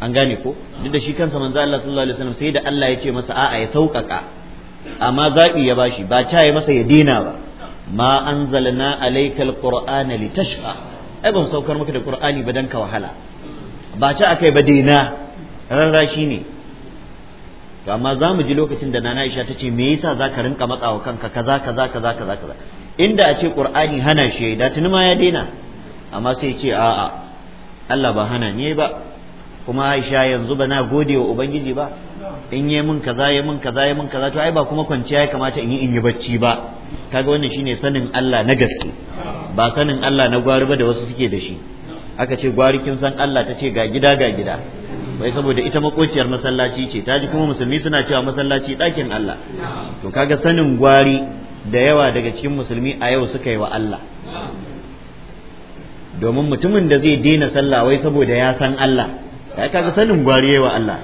an gane ko duk da shi kansa manzo Allah sallallahu alaihi wasallam sai da Allah ya ce masa a'a ya sauƙaƙa amma zabi ya bashi ba ta ya masa ya dina ba ma anzalna alaykal qur'ana litashqa ai ban saukar maka da qur'ani ba dan ka wahala ba ta akai ba dina rarrashi ne to amma za mu ji lokacin da nana Aisha ta ce me yasa zaka rinka matsawa kanka kaza kaza kaza kaza kaza inda a ce qur'ani hana shi da tuni ma ya daina amma sai ce a'a Allah ba hana ne ba kuma Aisha yanzu ba na gode wa ubangiji ba in yi mun kaza yi mun kaza yi mun kaza to ai ba kuma kwanciya ya kamata in yi in yi bacci ba kaga wannan shine sanin Allah na gaske ba sanin Allah na gwari ba da wasu suke da shi aka ce gwari kin san Allah ta ce ga gida ga gida wai saboda ita makociyar masallaci ce ta ji kuma musulmi suna cewa masallaci ɗakin Allah to kaga sanin gwari da yawa daga cikin musulmi a yau suka yi wa Allah domin mutumin da zai daina sallah wai saboda ya san Allah ya kaga sanin yi wa Allah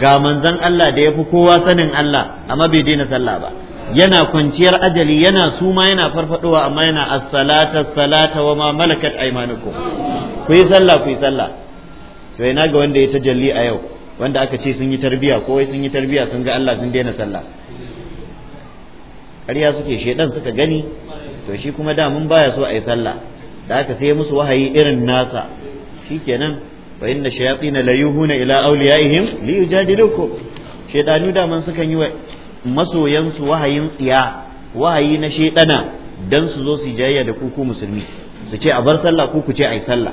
ga manzan Allah da ya fi kowa sanin Allah amma bai daina sallah ba yana kwanciyar ajali yana suma yana farfadowa amma yana as-salata wa ma malakat aymanukum ku yi sallah ku yi sallah to ina ga wanda ya tajalli a yau wanda aka ce sun yi tarbiya ko wai sun yi tarbiya sun ga Allah sun daina sallah ƙarya suke shaiɗan suka gani to shi kuma da mun baya so a yi sallah da aka sai musu wahayi irin nasa shikenan wa inna shayatin la yuhuna ila awliyaihim li yujadilukum shedanu da man sukan yi wa masoyansu wahayin tsiya wahayi na shedana dan su zo su jayya da ku ku musulmi su ce a bar sallah ku ku ce ai sallah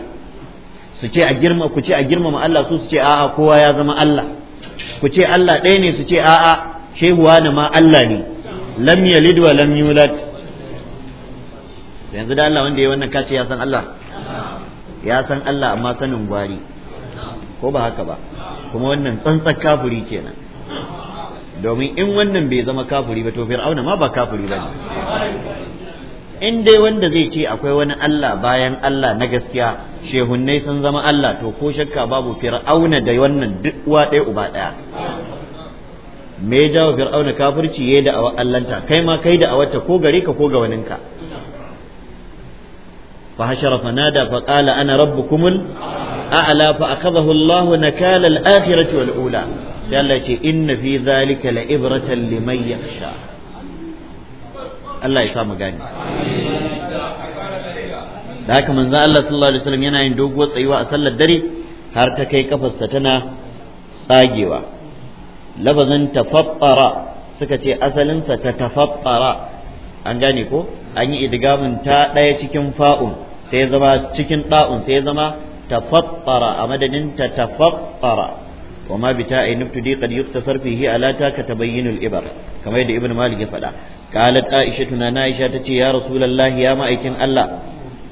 su ce a girma ku ce a girmama Allah su su ce a'a kowa ya zama Allah ku ce Allah ɗaya ne su ce a'a shehuwa na ma Allah ne lam yalid wa lam yulad yanzu da Allah wanda ya wannan kace ya san Allah ya san Allah amma sanin gwari ko ba haka ba kuma wannan tsantsar kafuri kenan domin in wannan bai zama kafuri ba to fir'auna ma ba kafuri ba ne in dai wanda zai ce akwai wani Allah bayan Allah na gaskiya shehunnai sun zama Allah to ko shakka babu fir'auna da wannan duk uwa ɗaya uba ɗaya me ya jawo fir'auna kafirci yayi da allanta kai ma kai da awarta ko gare ka ko ga waninka fa hashara fanada fa qala ana rabbukumul a'la fa akadahu Allah nakala al-akhirati wal ula sai Allah ce inna fi zalika la ibratan liman yakhsha Allah ya sa mu gani da haka manzo Allah sallallahu alaihi wasallam yana yin doguwar tsayuwa a sallar dare har ta kai kafarsa tana tsagewa lafazin tafaffara suka ce asalinsa ta tafaffara an gane ko an yi idgamin ta ɗaya cikin fa'un sai ya zama cikin ɗa'un sai ya zama tafaffara a madadin ta tafaffara وما بتاء نبتدي قد يختصر فيه على تاك تبين الإبر كما يد ابن مالك فلا قالت عائشة نائشة يا رسول الله يا مائكين الله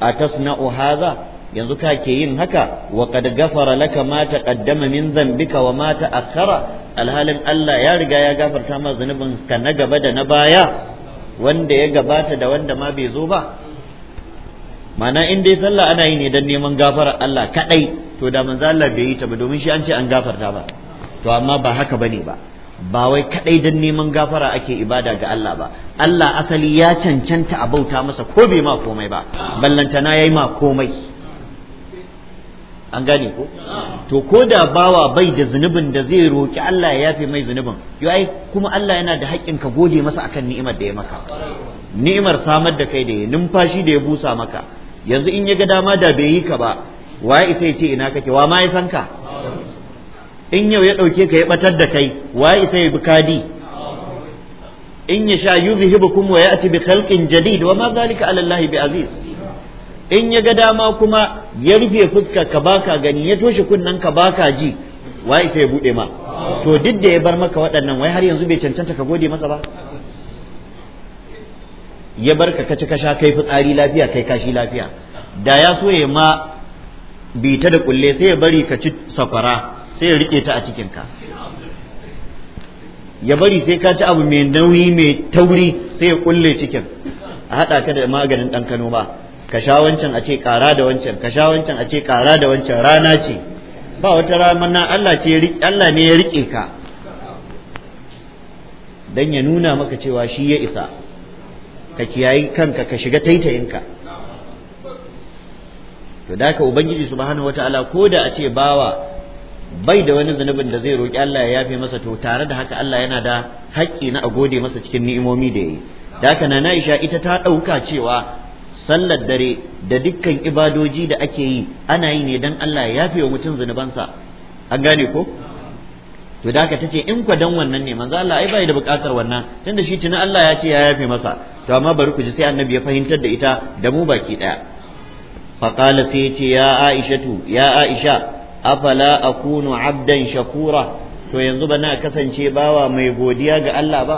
أتصنع هذا yanzu ka ke yin haka wa qad ghafara laka ma taqaddama min wa mata ta'akhkhara alhalin Allah ya riga ya gafarta ma zunubin ka na gaba da na baya wanda ya gabata da wanda ma bai zo ba mana in dai sallah ana yi ne don neman gafarar Allah kadai to da manzo Allah bai yi ta ba domin shi an ce an gafarta ba to amma ba haka bane ba ba wai kadai don neman gafara ake ibada ga Allah ba Allah asali ya cancanta a bauta masa ko bai ma komai ba ballantana yayi ma komai an gane ko to ko da bawa bai da zunubin da zai roki Allah ya yafe mai zunubin yo ai kuma Allah yana da haƙƙin ka gode masa akan ni'imar da ya maka ni'imar samar da kai da ya numfashi da ya busa maka yanzu in ya ga dama da bai yi ka ba waye isa ya ce ina kake wa ma ya san ka in yau ya ɗauke ka ya batar da kai waye isa ya bi kadi in ya sha yuzhibukum wa ya'ti bi khalqin jadid wa ma zalika ala Allah bi aziz in ya ga dama kuma ya rufe fuskar ka baka gani ya toshe kunnen ka baka ji wai sai ya bude ma to duk da ya bar maka waɗannan wai har yanzu bai cancanta ka gode masa ba ya bar ka kaci kasha kai fitsari lafiya kai kashi lafiya da ya so ya ma bita da kulle sai ya bari ka ci sakwara sai ya rike ta a cikin ka ya bari sai ka ci abu mai nauyi mai tauri sai ya kulle cikin a haɗa ka da maganin ɗan kano ba ka sha wancan a ce kara da wancan ka sha wancan a ce kara da wancan rana ce ba wata rana Allah ce Allah ne ya rike ka dan ya nuna maka cewa shi ya isa ka kiyayi kanka ka shiga taitayinka to da ka ubangiji subhanahu wataala ko da a ce bawa bai da wani zunubin da zai roki Allah ya yafe masa to tare da haka Allah yana da haƙƙi na a gode masa cikin ni'imomi da yayi da haka na Aisha ita ta ɗauka cewa sallar dare da dukkan ibadoji da ake yi ana yi ne dan Allah ya yafe wa mutum zunubansa an gane ko to da aka tace in kwa dan wannan ne manzo Allah ai bai da bukatar wannan tunda shi tuna Allah ya ce ya yafe masa to amma bari ku ji sai annabi ya fahimtar da ita da mu baki daya faqala sai ce ya aishatu ya aisha afala akunu abdan shakura to yanzu bana kasance bawa mai godiya ga Allah ba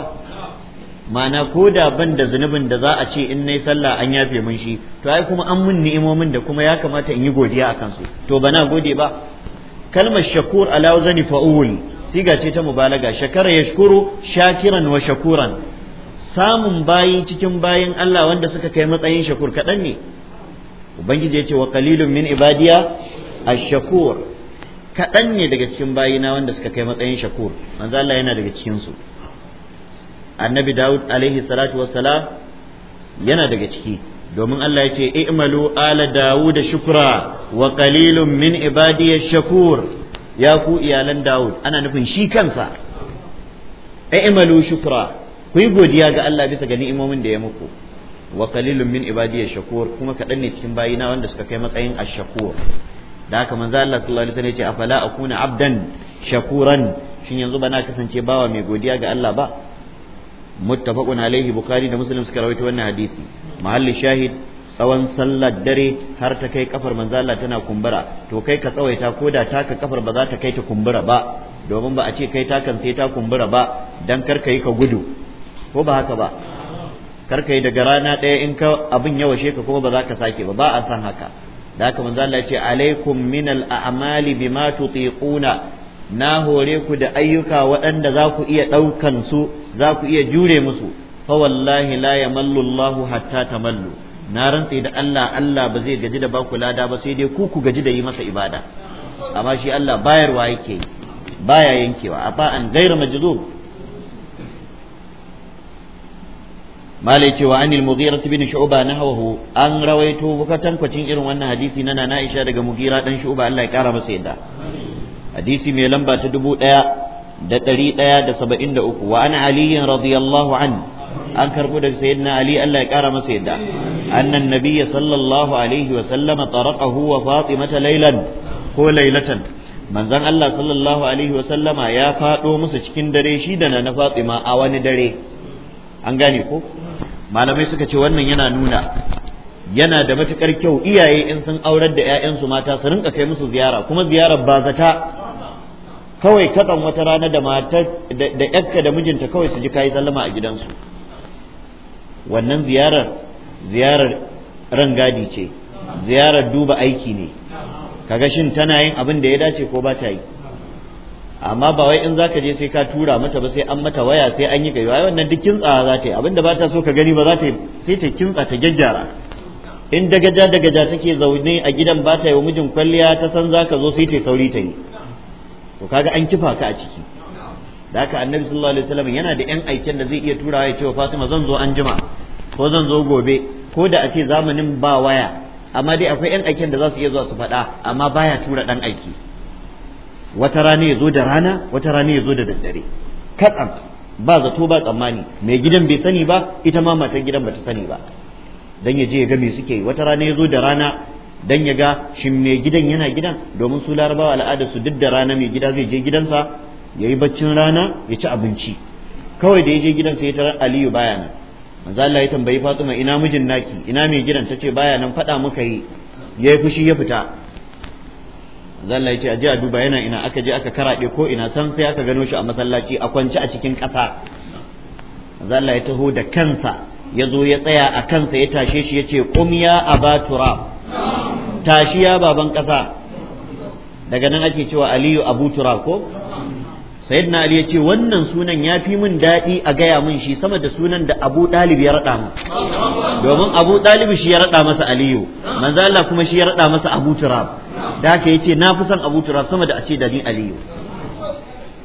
mana ko da ban da zunubin da za a ce in nayi sallah an yafe mun shi to ai kuma an mun ni'imomin da kuma ya kamata in yi godiya akan su to bana gode ba kalmar shakur ala wazani fa'ul siga ce ta mubalaga shakara yashkuru shakiran wa shakuran samun bayi cikin bayin Allah wanda suka kai matsayin shakur kadan ne ubangiji ya ce wa qalilun min ibadiya ash-shakur kaɗan ne daga cikin bayina wanda suka kai matsayin shakur manzo Allah yana daga cikin su annabi Dawud alaihi salatu wassalam yana daga ciki domin Allah ya ce i'malu ala Dawud shukra wa qalilun min ibadiyash shakur ya ku iyalan Dawud ana nufin shi kansa i'malu shukra ku yi godiya ga Allah bisa ga ni'imomin da ya muku wa qalilun min ibadiyash shakur kuma kaɗan ne cikin bayina wanda suka kai matsayin ash-shakur da haka manzo Allah sallallahu alaihi wasallam ya ce afala akuna abdan shakuran shin yanzu bana kasance bawa mai godiya ga Allah ba muttafaqun alaihi bukhari da muslim suka rawaito wannan hadisi mahalli shahid tsawon sallar dare har ta kai kafar manzo Allah tana kumbura to kai ka tsawaita ko da taka kafar ba za ta kai ta kumbura ba domin ba a ce kai ta kan sai ta kumbura ba dan kar ka yi ka gudu ko ba haka ba kar ka yi daga rana ɗaya in ka abin ya washe ka kuma ba za ka sake ba ba a san haka da haka manzo Allah ya ce alaikum minal a'mali bima tutiquna na hore ku da ayyuka waɗanda za ku iya ɗaukan su za ku iya jure musu fa wallahi la yamallu Allahu hatta tamallu na rantse da Allah Allah ba zai gaji da ba ku lada ba sai dai ku ku gaji da yi masa ibada amma shi Allah bayarwa yake baya yankewa a fa an ghayra majzub malai cewa anil mughira bin shu'ba nahwahu an rawaito bukatan kwacin irin wannan hadisi na na Aisha daga mughira dan shu'ba Allah ya kara masa yadda hadisi mai lamba ta dubu ɗaya da ɗari ɗaya da saba'in da uku wa an aliyin radiyallahu an an karɓo daga sayyidina ali allah ya ƙara masa yadda annan nabiyya sallallahu alaihi wa sallama taraqahu wa fatimata laylan ko laylatan manzon allah sallallahu alaihi wa sallama ya faɗo musu cikin dare shi da na a wani dare an gane malamai suka ce wannan yana nuna yana da matukar kyau iyaye in sun aurar da 'ya'yansu mata su rinka kai musu ziyara kuma ziyarar ba zata kawai katsan wata rana da matar da yakka da mijinta kawai su ji kayi sallama a gidansu wannan ziyarar ziyarar rangadi ce ziyarar duba aiki ne kaga shin tana yin abin da ya dace ko ba ta yi amma ba wai in za ka je sai ka tura mata ba sai an mata waya sai an yi gaiwa wannan duk kintsa za ta yi abinda ba ta so ka gani ba za ta yi sai ta kintsa ta gyaggyara in dagaja dagaja take zaune a gidan ba ta yi wa mijin kwalliya ta san za ka zo sai ta sauri ta yi to kaga an kifa ka a ciki da haka annabi sallallahu alaihi wasallam yana da yan aiken da zai iya turawa ya ce wa Fatima zan zo an ko zan zo gobe ko da a ce zamanin ba waya amma dai akwai yan aiken da za su iya zuwa su faɗa amma baya tura dan aiki wata rana ya zo da rana wata rana ya zo da daddare katsam ba zato ba tsammani mai gidan bai sani ba ita ma matar gidan bata sani ba dan ya je ya ga me suke wata rana ya zo da rana dan ya ga shin mai gidan yana gidan domin su larabawa al'ada su duk da rana mai gida zai je gidansa ya yi baccin rana ya ci abinci kawai da ya je gidansa ya tarar aliyu baya nan manzo Allah ya tambayi Fatima ina mijin naki ina mai gidan tace baya nan faɗa muka yi yayi fushi ya fita manzo Allah ya ce aje a duba yana ina aka je aka karaɗe ko ina san sai aka gano shi a masallaci a kwance a cikin ƙasa manzo Allah ya taho da kansa ya zo ya tsaya a kansa ya tashe shi ya ce kumya aba turab tashi ya baban ƙasa daga nan ake cewa aliyu abu tura ko sayyidina ali ya ce wannan sunan ya fi min daɗi a gaya min shi sama da sunan da abu ɗalib ya raɗa min domin abu ɗalib shi ya raɗa masa aliyu Manzala kuma shi ya raɗa masa abu tura da haka ya ce na fi son abu turab sama da a ce da ni aliyu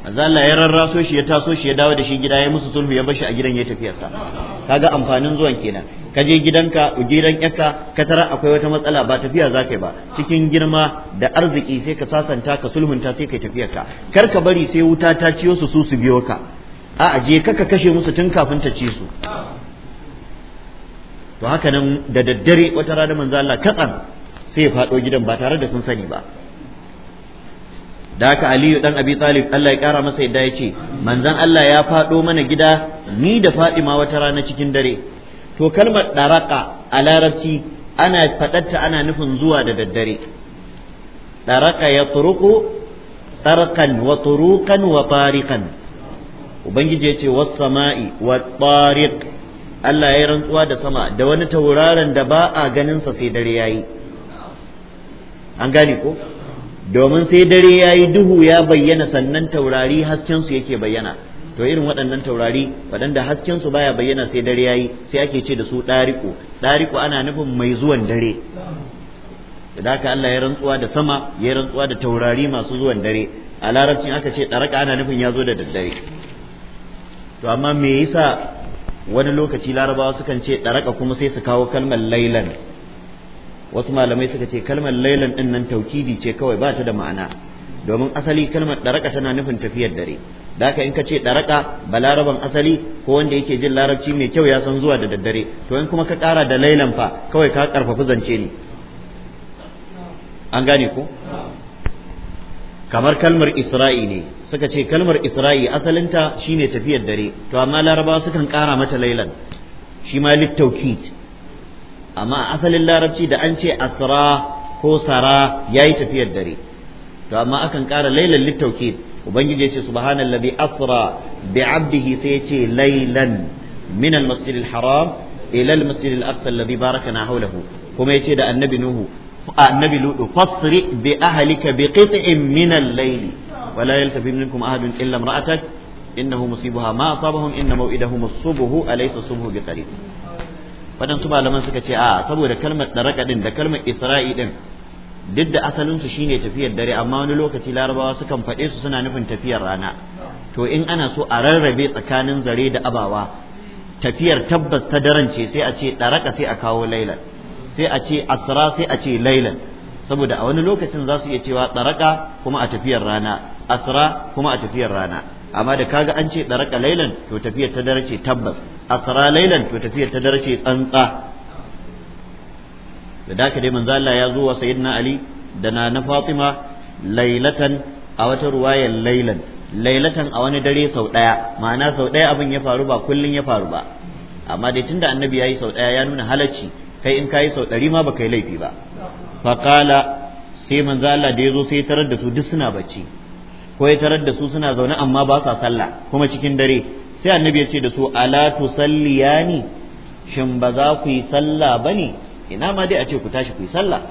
manzo Allah ya rarraso shi ya taso shi ya dawo da shi gida ya musu sulhu ya bashi a gidan ya tafi yasa kaga amfanin zuwan kenan ka je gidanka gidan yakka ka tara akwai wata matsala ba tafiya za ka yi ba cikin girma da arziki sai ka sasanta ka sulhunta sai yi tafiya ka kar ka bari sai wuta ta ciyo su su su biyo ka a'a je kaka kashe musu tun kafin ta ci su to haka nan da daddare wata rana manzo Allah katsan sai ya faɗo gidan ba tare da sun sani ba da haka aliyu dan abi talib Allah ya kara masa yadda ya ce manzon Allah ya faɗo mana gida ni da fatima wata rana cikin dare to kalmar daraka a larabci ana faɗarta ana nufin zuwa da daddare daraka ya turuku tarkan wa turukan wa tariqan ubangiji yace ce was sama'i wa tariq Allah ya rantsuwa da sama da wani tauraron da ba a ganin sa sai dare yayi an gane ko domin sai dare ya yi duhu ya bayyana sannan taurari haskensu yake bayyana to irin waɗannan taurari waɗanda haskensu baya bayyana sai dare ya yi sai ake ce da su ɗariƙo ɗariƙo ana nufin mai zuwan dare da haka Allah ya rantsuwa da sama ya rantsuwa da taurari masu zuwan dare a larabcin aka ce ɗaraka ana nufin ya zo da daddare to amma me yasa wani lokaci larabawa sukan ce ɗaraka kuma sai su kawo kalmar lailan wasu malamai suka ce kalmar lailan din nan taukidi ce kawai ba ta da ma'ana domin asali kalmar daraka tana nufin tafiyar dare da haka in ka ce daraka balaraban asali ko wanda yake jin larabci mai kyau ya san zuwa da daddare to in kuma ka kara da lailan fa kawai ka karfafa zance ne an gane ko kamar kalmar isra'i ne suka ce kalmar isra'i asalinta shine tafiyar dare to amma larabawa sukan kara mata lailan shi ma littaukit amma asalin larabci da an ce asra ko sara yayi tafiyar dare to amma akan ƙara lailan littauki ubangiji ya ce labi asra bi abdihi sai ya ce lailan min almasjidil haram ila almasjidil aqsa alladhi barakana hawlahu kuma ya ce da annabi nuhu annabi ludu fasri bi ahlika bi qit'in min al-layl wa la yaltafi minkum ahadun illa imra'atak innahu musibaha ma asabahum inna maw'idahum as-subh alaysa as-subh biqarib waɗansu malaman suka ce a saboda kalmar ɗaraka ɗin da kalmar isra'i ɗin duk da asalinsu shine tafiyar dare amma wani lokaci larabawa sukan faɗe su suna nufin tafiyar rana to in ana so a rarrabe tsakanin zare da abawa tafiyar tabbas ta daren ce sai a ce ɗaraka sai a kawo lailan sai a ce asra sai a ce lailan saboda a wani lokacin za su iya cewa ɗaraka kuma a tafiyar rana asra kuma a tafiyar rana amma da kaga an ce daraka lailan to tafiyar ta darace tabbas, tabbas asra lailan to tafiyar ta darace tsantsa da daka dai manzo ya zo wa sayyidina Ali da na na Fatima lailatan a wata ruwayan lailan lailatan a wani dare sau ɗaya ma'ana sau ɗaya abin ya faru ba kullum ya faru ba amma dai tunda annabi yayi sau ɗaya ya nuna halacci kai in kayi sau ɗari ma baka yi laifi ba faqala sai manzo da ya zo sai tarar da su duk suna bacci ko ya tarar da su suna zaune amma ba sa sallah kuma cikin dare sai annabi ya ce da su ala tusalliyani shin ba za ku yi sallah bane ina ma dai a ce ku tashi ku yi sallah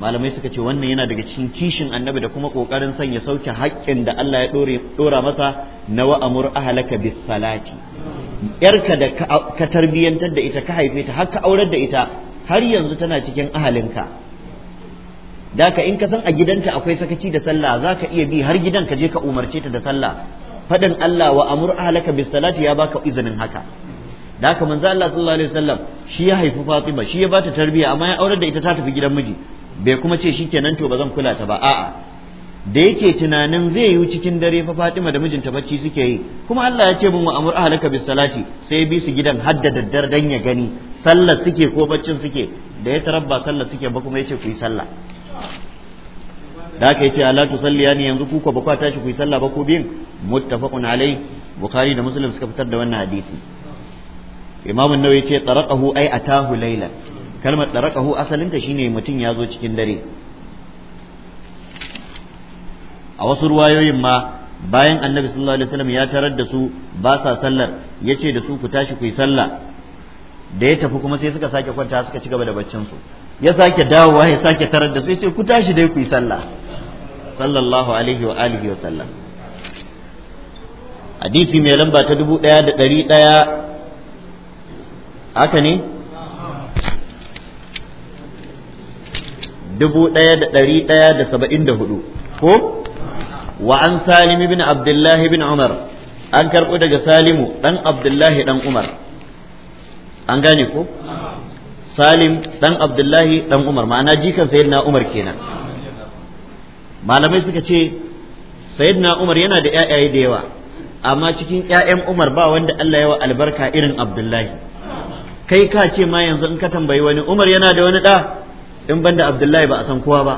malamai suka ce wannan yana daga cikin kishin annabi da kuma kokarin son ya sauke haƙƙin da Allah ya dora masa na wa'amur ahlaka bis salati yarka da ka tarbiyyantar da ita ka haife ta har ka aurar da ita har yanzu tana cikin ahalinka daka in ka san a gidanta akwai sakaci da sallah za ka iya bi har gidan ka je ka umarce ta da sallah faɗin Allah wa amur ahlaka bis salati ya baka izinin haka da manzo Allah sallallahu alaihi wasallam shi ya haifi Fatima shi ya bata tarbiyya amma ya aurar da ita ta tafi gidan miji bai kuma ce shikenan to ba zan kula ta ba a'a da yake tunanin zai yi cikin dare fa Fatima da mijinta bacci suke yi kuma Allah ya ce mun wa amur ahlaka bis salati sai bi su gidan hadda daddar dan ya gani sallar suke ko baccin suke da ya tarabba sallar suke ba kuma yace ku yi sallah da aka yace ala tusalliyani yanzu kuka ba ba tashi ku yi sallah ba ko biyin muttafaqun alai bukhari da muslim suka fitar da wannan hadisi imam an-nawawi yace taraqahu ay atahu Layla. kalmar taraqahu asalinta ta shine mutum ya zo cikin dare a wasu ruwayoyin ma bayan annabi sallallahu alaihi wasallam ya tarar da su ba sa sallar yace da su ku tashi ku sallah da ya tafi kuma sai suka sake kwanta suka ci gaba da baccin su ya sake dawowa ya sake tarar da su yace ku tashi dai ku yi sallah sallallahu alaihi wa alihi wa sallam hadisi mai lamba ta dubu ɗaya da ɗari ɗaya haka ne dubu ɗaya da ɗari ɗaya da saba'in da hudu ko wa'an an salim ibn abdullahi ibn umar an karɓo daga salimu ɗan abdullahi ɗan umar an gane ko salim ɗan abdullahi ɗan umar ma'ana jikan sayyidina umar kenan malamai suka ce sayyidina umar yana da ƴaƴaye da yawa amma cikin ƴaƴan umar ba wanda Allah ya wa albarka irin abdullahi kai ka ce ma yanzu in ka tambayi wani umar yana da wani ɗa in banda abdullahi ba a san kowa ba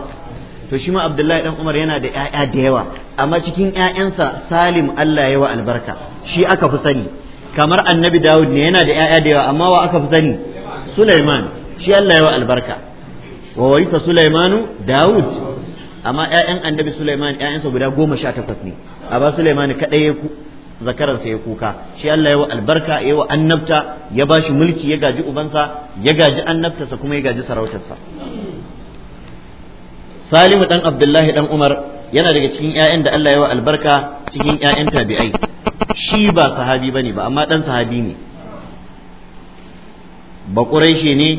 to shi ma abdullahi dan umar yana da ƴaƴa da yawa amma cikin 'ya'yansa salim Allah ya wa albarka shi aka fi sani kamar annabi dawud ne yana da ƴaƴa da yawa amma wa aka fi sani sulaiman shi Allah ya wa albarka wa warisa sulaimanu dawud amma ƴaƴan annabi Sulaiman ƴaƴansa guda goma sha takwas ne aba Sulaiman kaɗai ya zakaransa ya kuka shi Allah yawo albarka ya wa annabta ya ba shi mulki ya gaji ubansa ya gaji annabtarsa kuma ya gaji sarautarsa Salihu dan Abdullahi dan Umar yana daga cikin ƴaƴan da Allah ya wa albarka cikin ƴaƴan tabi'ai shi ba sahabi bane ba amma dan sahabi ne ba ne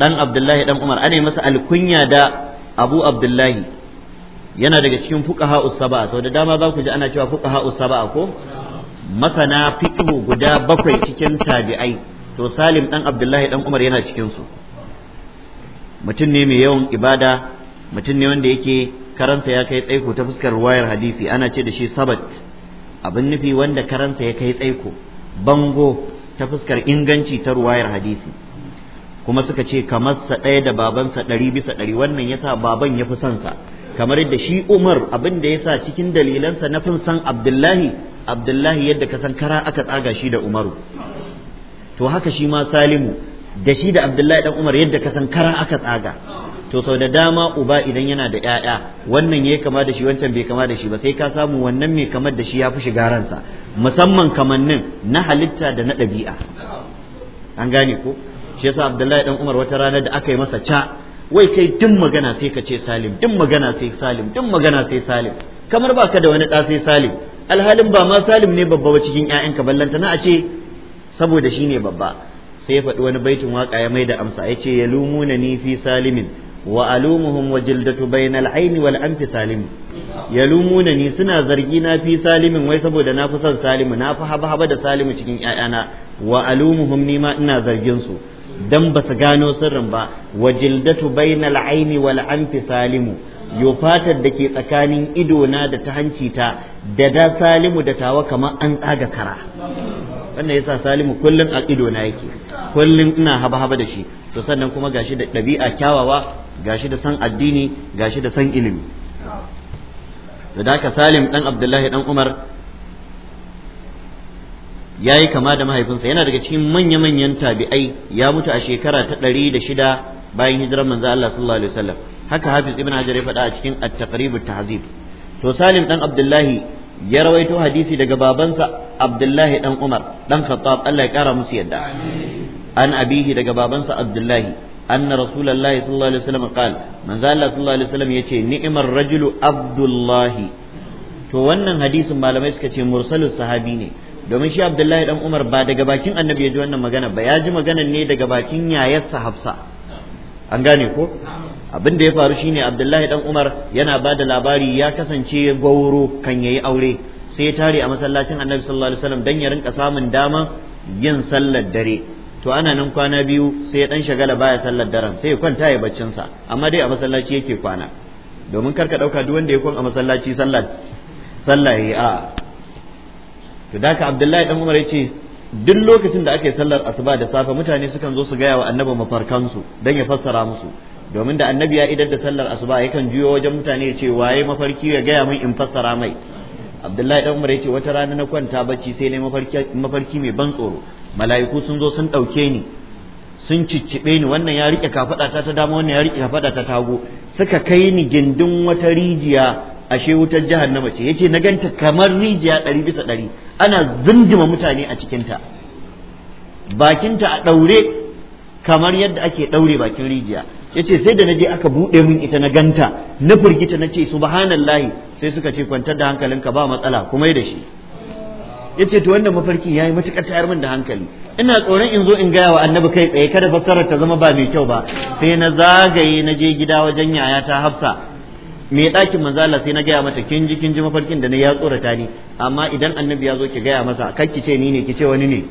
dan Abdullahi dan Umar ana masa alkunya da Abu Abdullahi yana daga cikin fuqaha usaba sau da dama za ku ji ana cewa fuqaha usaba ko masana fiqhu guda bakwai cikin tabi'ai to Salim dan Abdullahi dan Umar yana cikin su mutum ne mai yawan ibada mutum ne wanda yake karansa ya kai tsaiko ta fuskar wayar hadisi ana ce da shi sabat abin nufi wanda karansa ya kai tsaiko bango ta fuskar inganci ta ruwayar hadisi kuma suka ce kamar sa ɗaya da babansa ɗari bisa ɗari wannan yasa baban ya fi son sa kamar yadda shi Umar abin da sa cikin dalilansa na fin san Abdullahi Abdullahi yadda ka san kara aka tsaga shi da Umaru to haka shi ma Salimu da shi da Abdullahi dan Umar yadda ka san kara aka tsaga to sau da dama uba idan yana da ‘ya'ya wannan yayi kama da shi wancan bai kama da shi ba sai ka samu wannan mai kamar da shi ya fi shiga ransa musamman kamannin na halitta da na ɗabi'a an gane ko shi yasa abdullahi dan umar wata rana da aka yi masa ca wai kai duk magana sai ka ce salim duk magana sai salim duk magana sai salim kamar ba ka da wani ɗa sai salim alhalin ba ma salim ne babba ba cikin ƴaƴanka ballanta na a ce saboda shi ne babba sai ya faɗi wani baitin waka ya mai da amsa ya ce ya lumuna ni fi salimin wa alumuhum wa jildatu bainal aini wal anfi salim ya lumuna ni suna zargi na fi salimin wai saboda na fi son salimu na fi haba haba da salimu cikin ƴaƴana wa alumuhum ni ma ina zargin su dan ba su gano sirrin ba wajildatu bainal aini wal anfi salimu yo da ke tsakanin idona da ta hanci ta da da salimu da tawa kamar an tsaga kara wannan yasa salimu kullun a idona yake kullun ina haba haba da shi to sannan kuma gashi da ɗabi'a kyawawa gashi da san addini gashi da san ilimi da haka salim dan abdullahi dan umar ya yi kama da mahaifinsa yana daga cikin manya-manyan tabi'ai ya mutu a shekara ta ɗari da shida bayan hijirar manzo Allah sallallahu alaihi wasallam haka hafiz ibn hajar ya faɗa a cikin at-taqrib at-tahzib to salim dan abdullahi ya rawaito hadisi daga babansa abdullahi dan umar dan khattab Allah ya kara musu yadda an abihi daga babansa abdullahi anna rasulullahi sallallahu alaihi wasallam qala manzo Allah sallallahu alaihi wasallam yace ni'mar rajulu abdullahi to wannan hadisin malamai suka ce mursalus sahabi ne domin shi abdullahi dan umar ba daga bakin annabi ya ji wannan magana ba ya ji magana ne daga bakin yayarsa hafsa an gane ko abin da ya faru shine abdullahi dan umar yana ba da labari ya kasance gauro kan yayi aure sai ya tare a masallacin annabi sallallahu alaihi wasallam dan ya rinka samun dama yin sallar dare to ana nan kwana biyu sai ya dan shagala baya sallar daren sai ya kwanta ya baccin sa amma dai a masallaci yake kwana domin karka dauka duk wanda ya kwan a masallaci sallar sallah a to da ka abdullahi dan umar yace duk lokacin da ake sallar asuba da safe mutane sukan zo su gaya wa annabi mafarkansu dan ya fassara musu domin da annabi ya idar da sallar asuba yakan juyo wajen mutane ya ce waye mafarki ya gaya min in fassara mai abdullahi dan umar yace wata rana na kwanta bacci sai ne mafarki mai ban tsoro mala'iku sun zo sun ɗauke ni sun cicciɓe ni wannan ya rike kafada ta ta dama wannan ya rike kafada ta tago suka kai ni gindin wata rijiya ashe wutar jahannama ce yace na ganta kamar rijiya ɗari bisa ɗari ana zindima mutane a cikinta bakinta a ɗaure kamar yadda ake ɗaure bakin rijiya yace sai da naje aka buɗe min ita na ganta na firgita na ce subhanallahi sai suka ce kwantar da hankalinka ba matsala kuma da shi yace to wannan mafarki yayi matukar tayar min da hankali ina tsoron in zo in gaya wa annabi kai tsaye kada fassarar ta zama ba mai kyau ba sai na zagaye na je gida wajen yaya ta hafsa me ɗakin manzo Allah sai na gaya mata kin ji kin ji mafarkin da na ya tsorata ni amma idan annabi ya zo ki gaya masa kar ki ce ni ne ki ce wani ne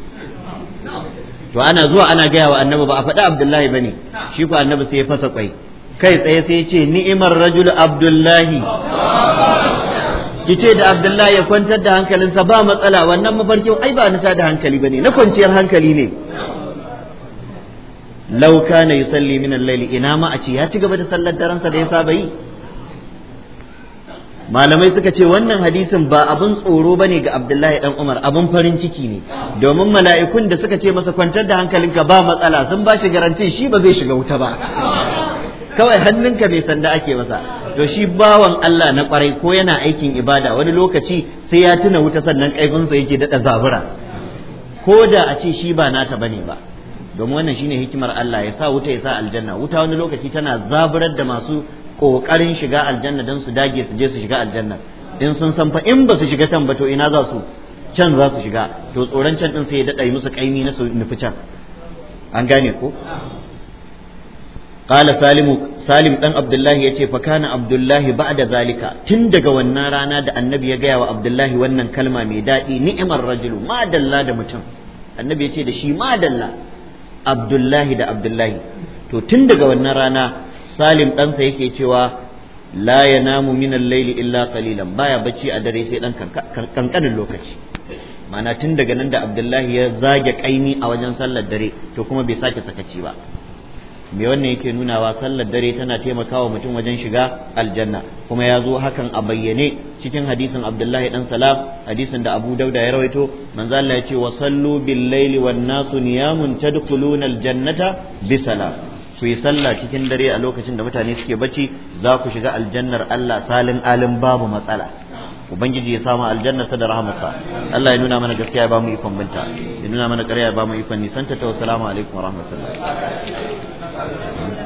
to ana zuwa ana gaya wa annabi ba a faɗi Abdullahi bane shi ko annabi sai ya fasa kwai kai tsaye sai ya ce ni'imar rajul Abdullahi ki ce da Abdullahi ya kwantar da hankalinsa ba matsala wannan mafarkin ai ba na da hankali bane na kwanciyar hankali ne lau kana yusalli min al-layli ina ma a ce ya ci gaba da sallar daren sa da ya saba yi malamai suka ce wannan hadisin ba abin tsoro bane ga Abdullahi dan Umar abin farin ciki ne domin mala'ikun da suka ce masa kwantar da hankalinka ba matsala sun ba shi garanti shi ba zai shiga wuta ba kawai hannunka mai sanda ake masa to shi bawan Allah na kwarai ko yana aikin ibada wani lokaci sai ya tuna wuta sannan kaifinsa yake daɗa zabura ko da a ce shi ba nata bane ba domin wannan shine hikimar Allah ya sa wuta ya sa aljanna wuta wani lokaci tana zaburar da masu kokarin shiga aljanna don su dage su je su shiga aljanna in sun san fa in ba su shiga can ba to ina za su can za su shiga to tsoron can din sai ya daɗa musu kaimi na su nufi can an gane ko قال سالم سالم دان عبد الله yace fa kana abdullahi ba'da zalika tun daga wannan rana da annabi ya gaya wa abdullahi wannan kalma mai daɗi ni'imar rajulu ma dalla da mutum annabi yace da shi ma dalla abdullahi da abdullahi to tun daga wannan rana salim ɗansa yake cewa la ya namu minan laili illa qalilan baya bacci a dare sai ɗan kankanin lokaci mana tun daga nan da abdullahi ya zage ƙaimi a wajen sallar dare to kuma bai sake sakaci ba me wannan yake nunawa sallar dare tana taimakawa mutum wajen shiga aljanna kuma ya zo hakan a bayyane cikin hadisin abdullahi ɗan salam hadisin da abu dauda ya rawaito manzo Allah ya ce wa sallu bil laili wan nasu niyamun tadkhuluna aljannata jannata bi ku yi sallah cikin dare a lokacin da mutane suke bacci za ku shiga aljannar Allah salin alin babu matsala ubangiji ya samu aljannar sa da rahmatsa Allah ya nuna mana gaskiya ya ba ikon binta ya nuna mana ƙarya ya bamu ikon nisanta ta wassalamu alaikum wa rahmatullahi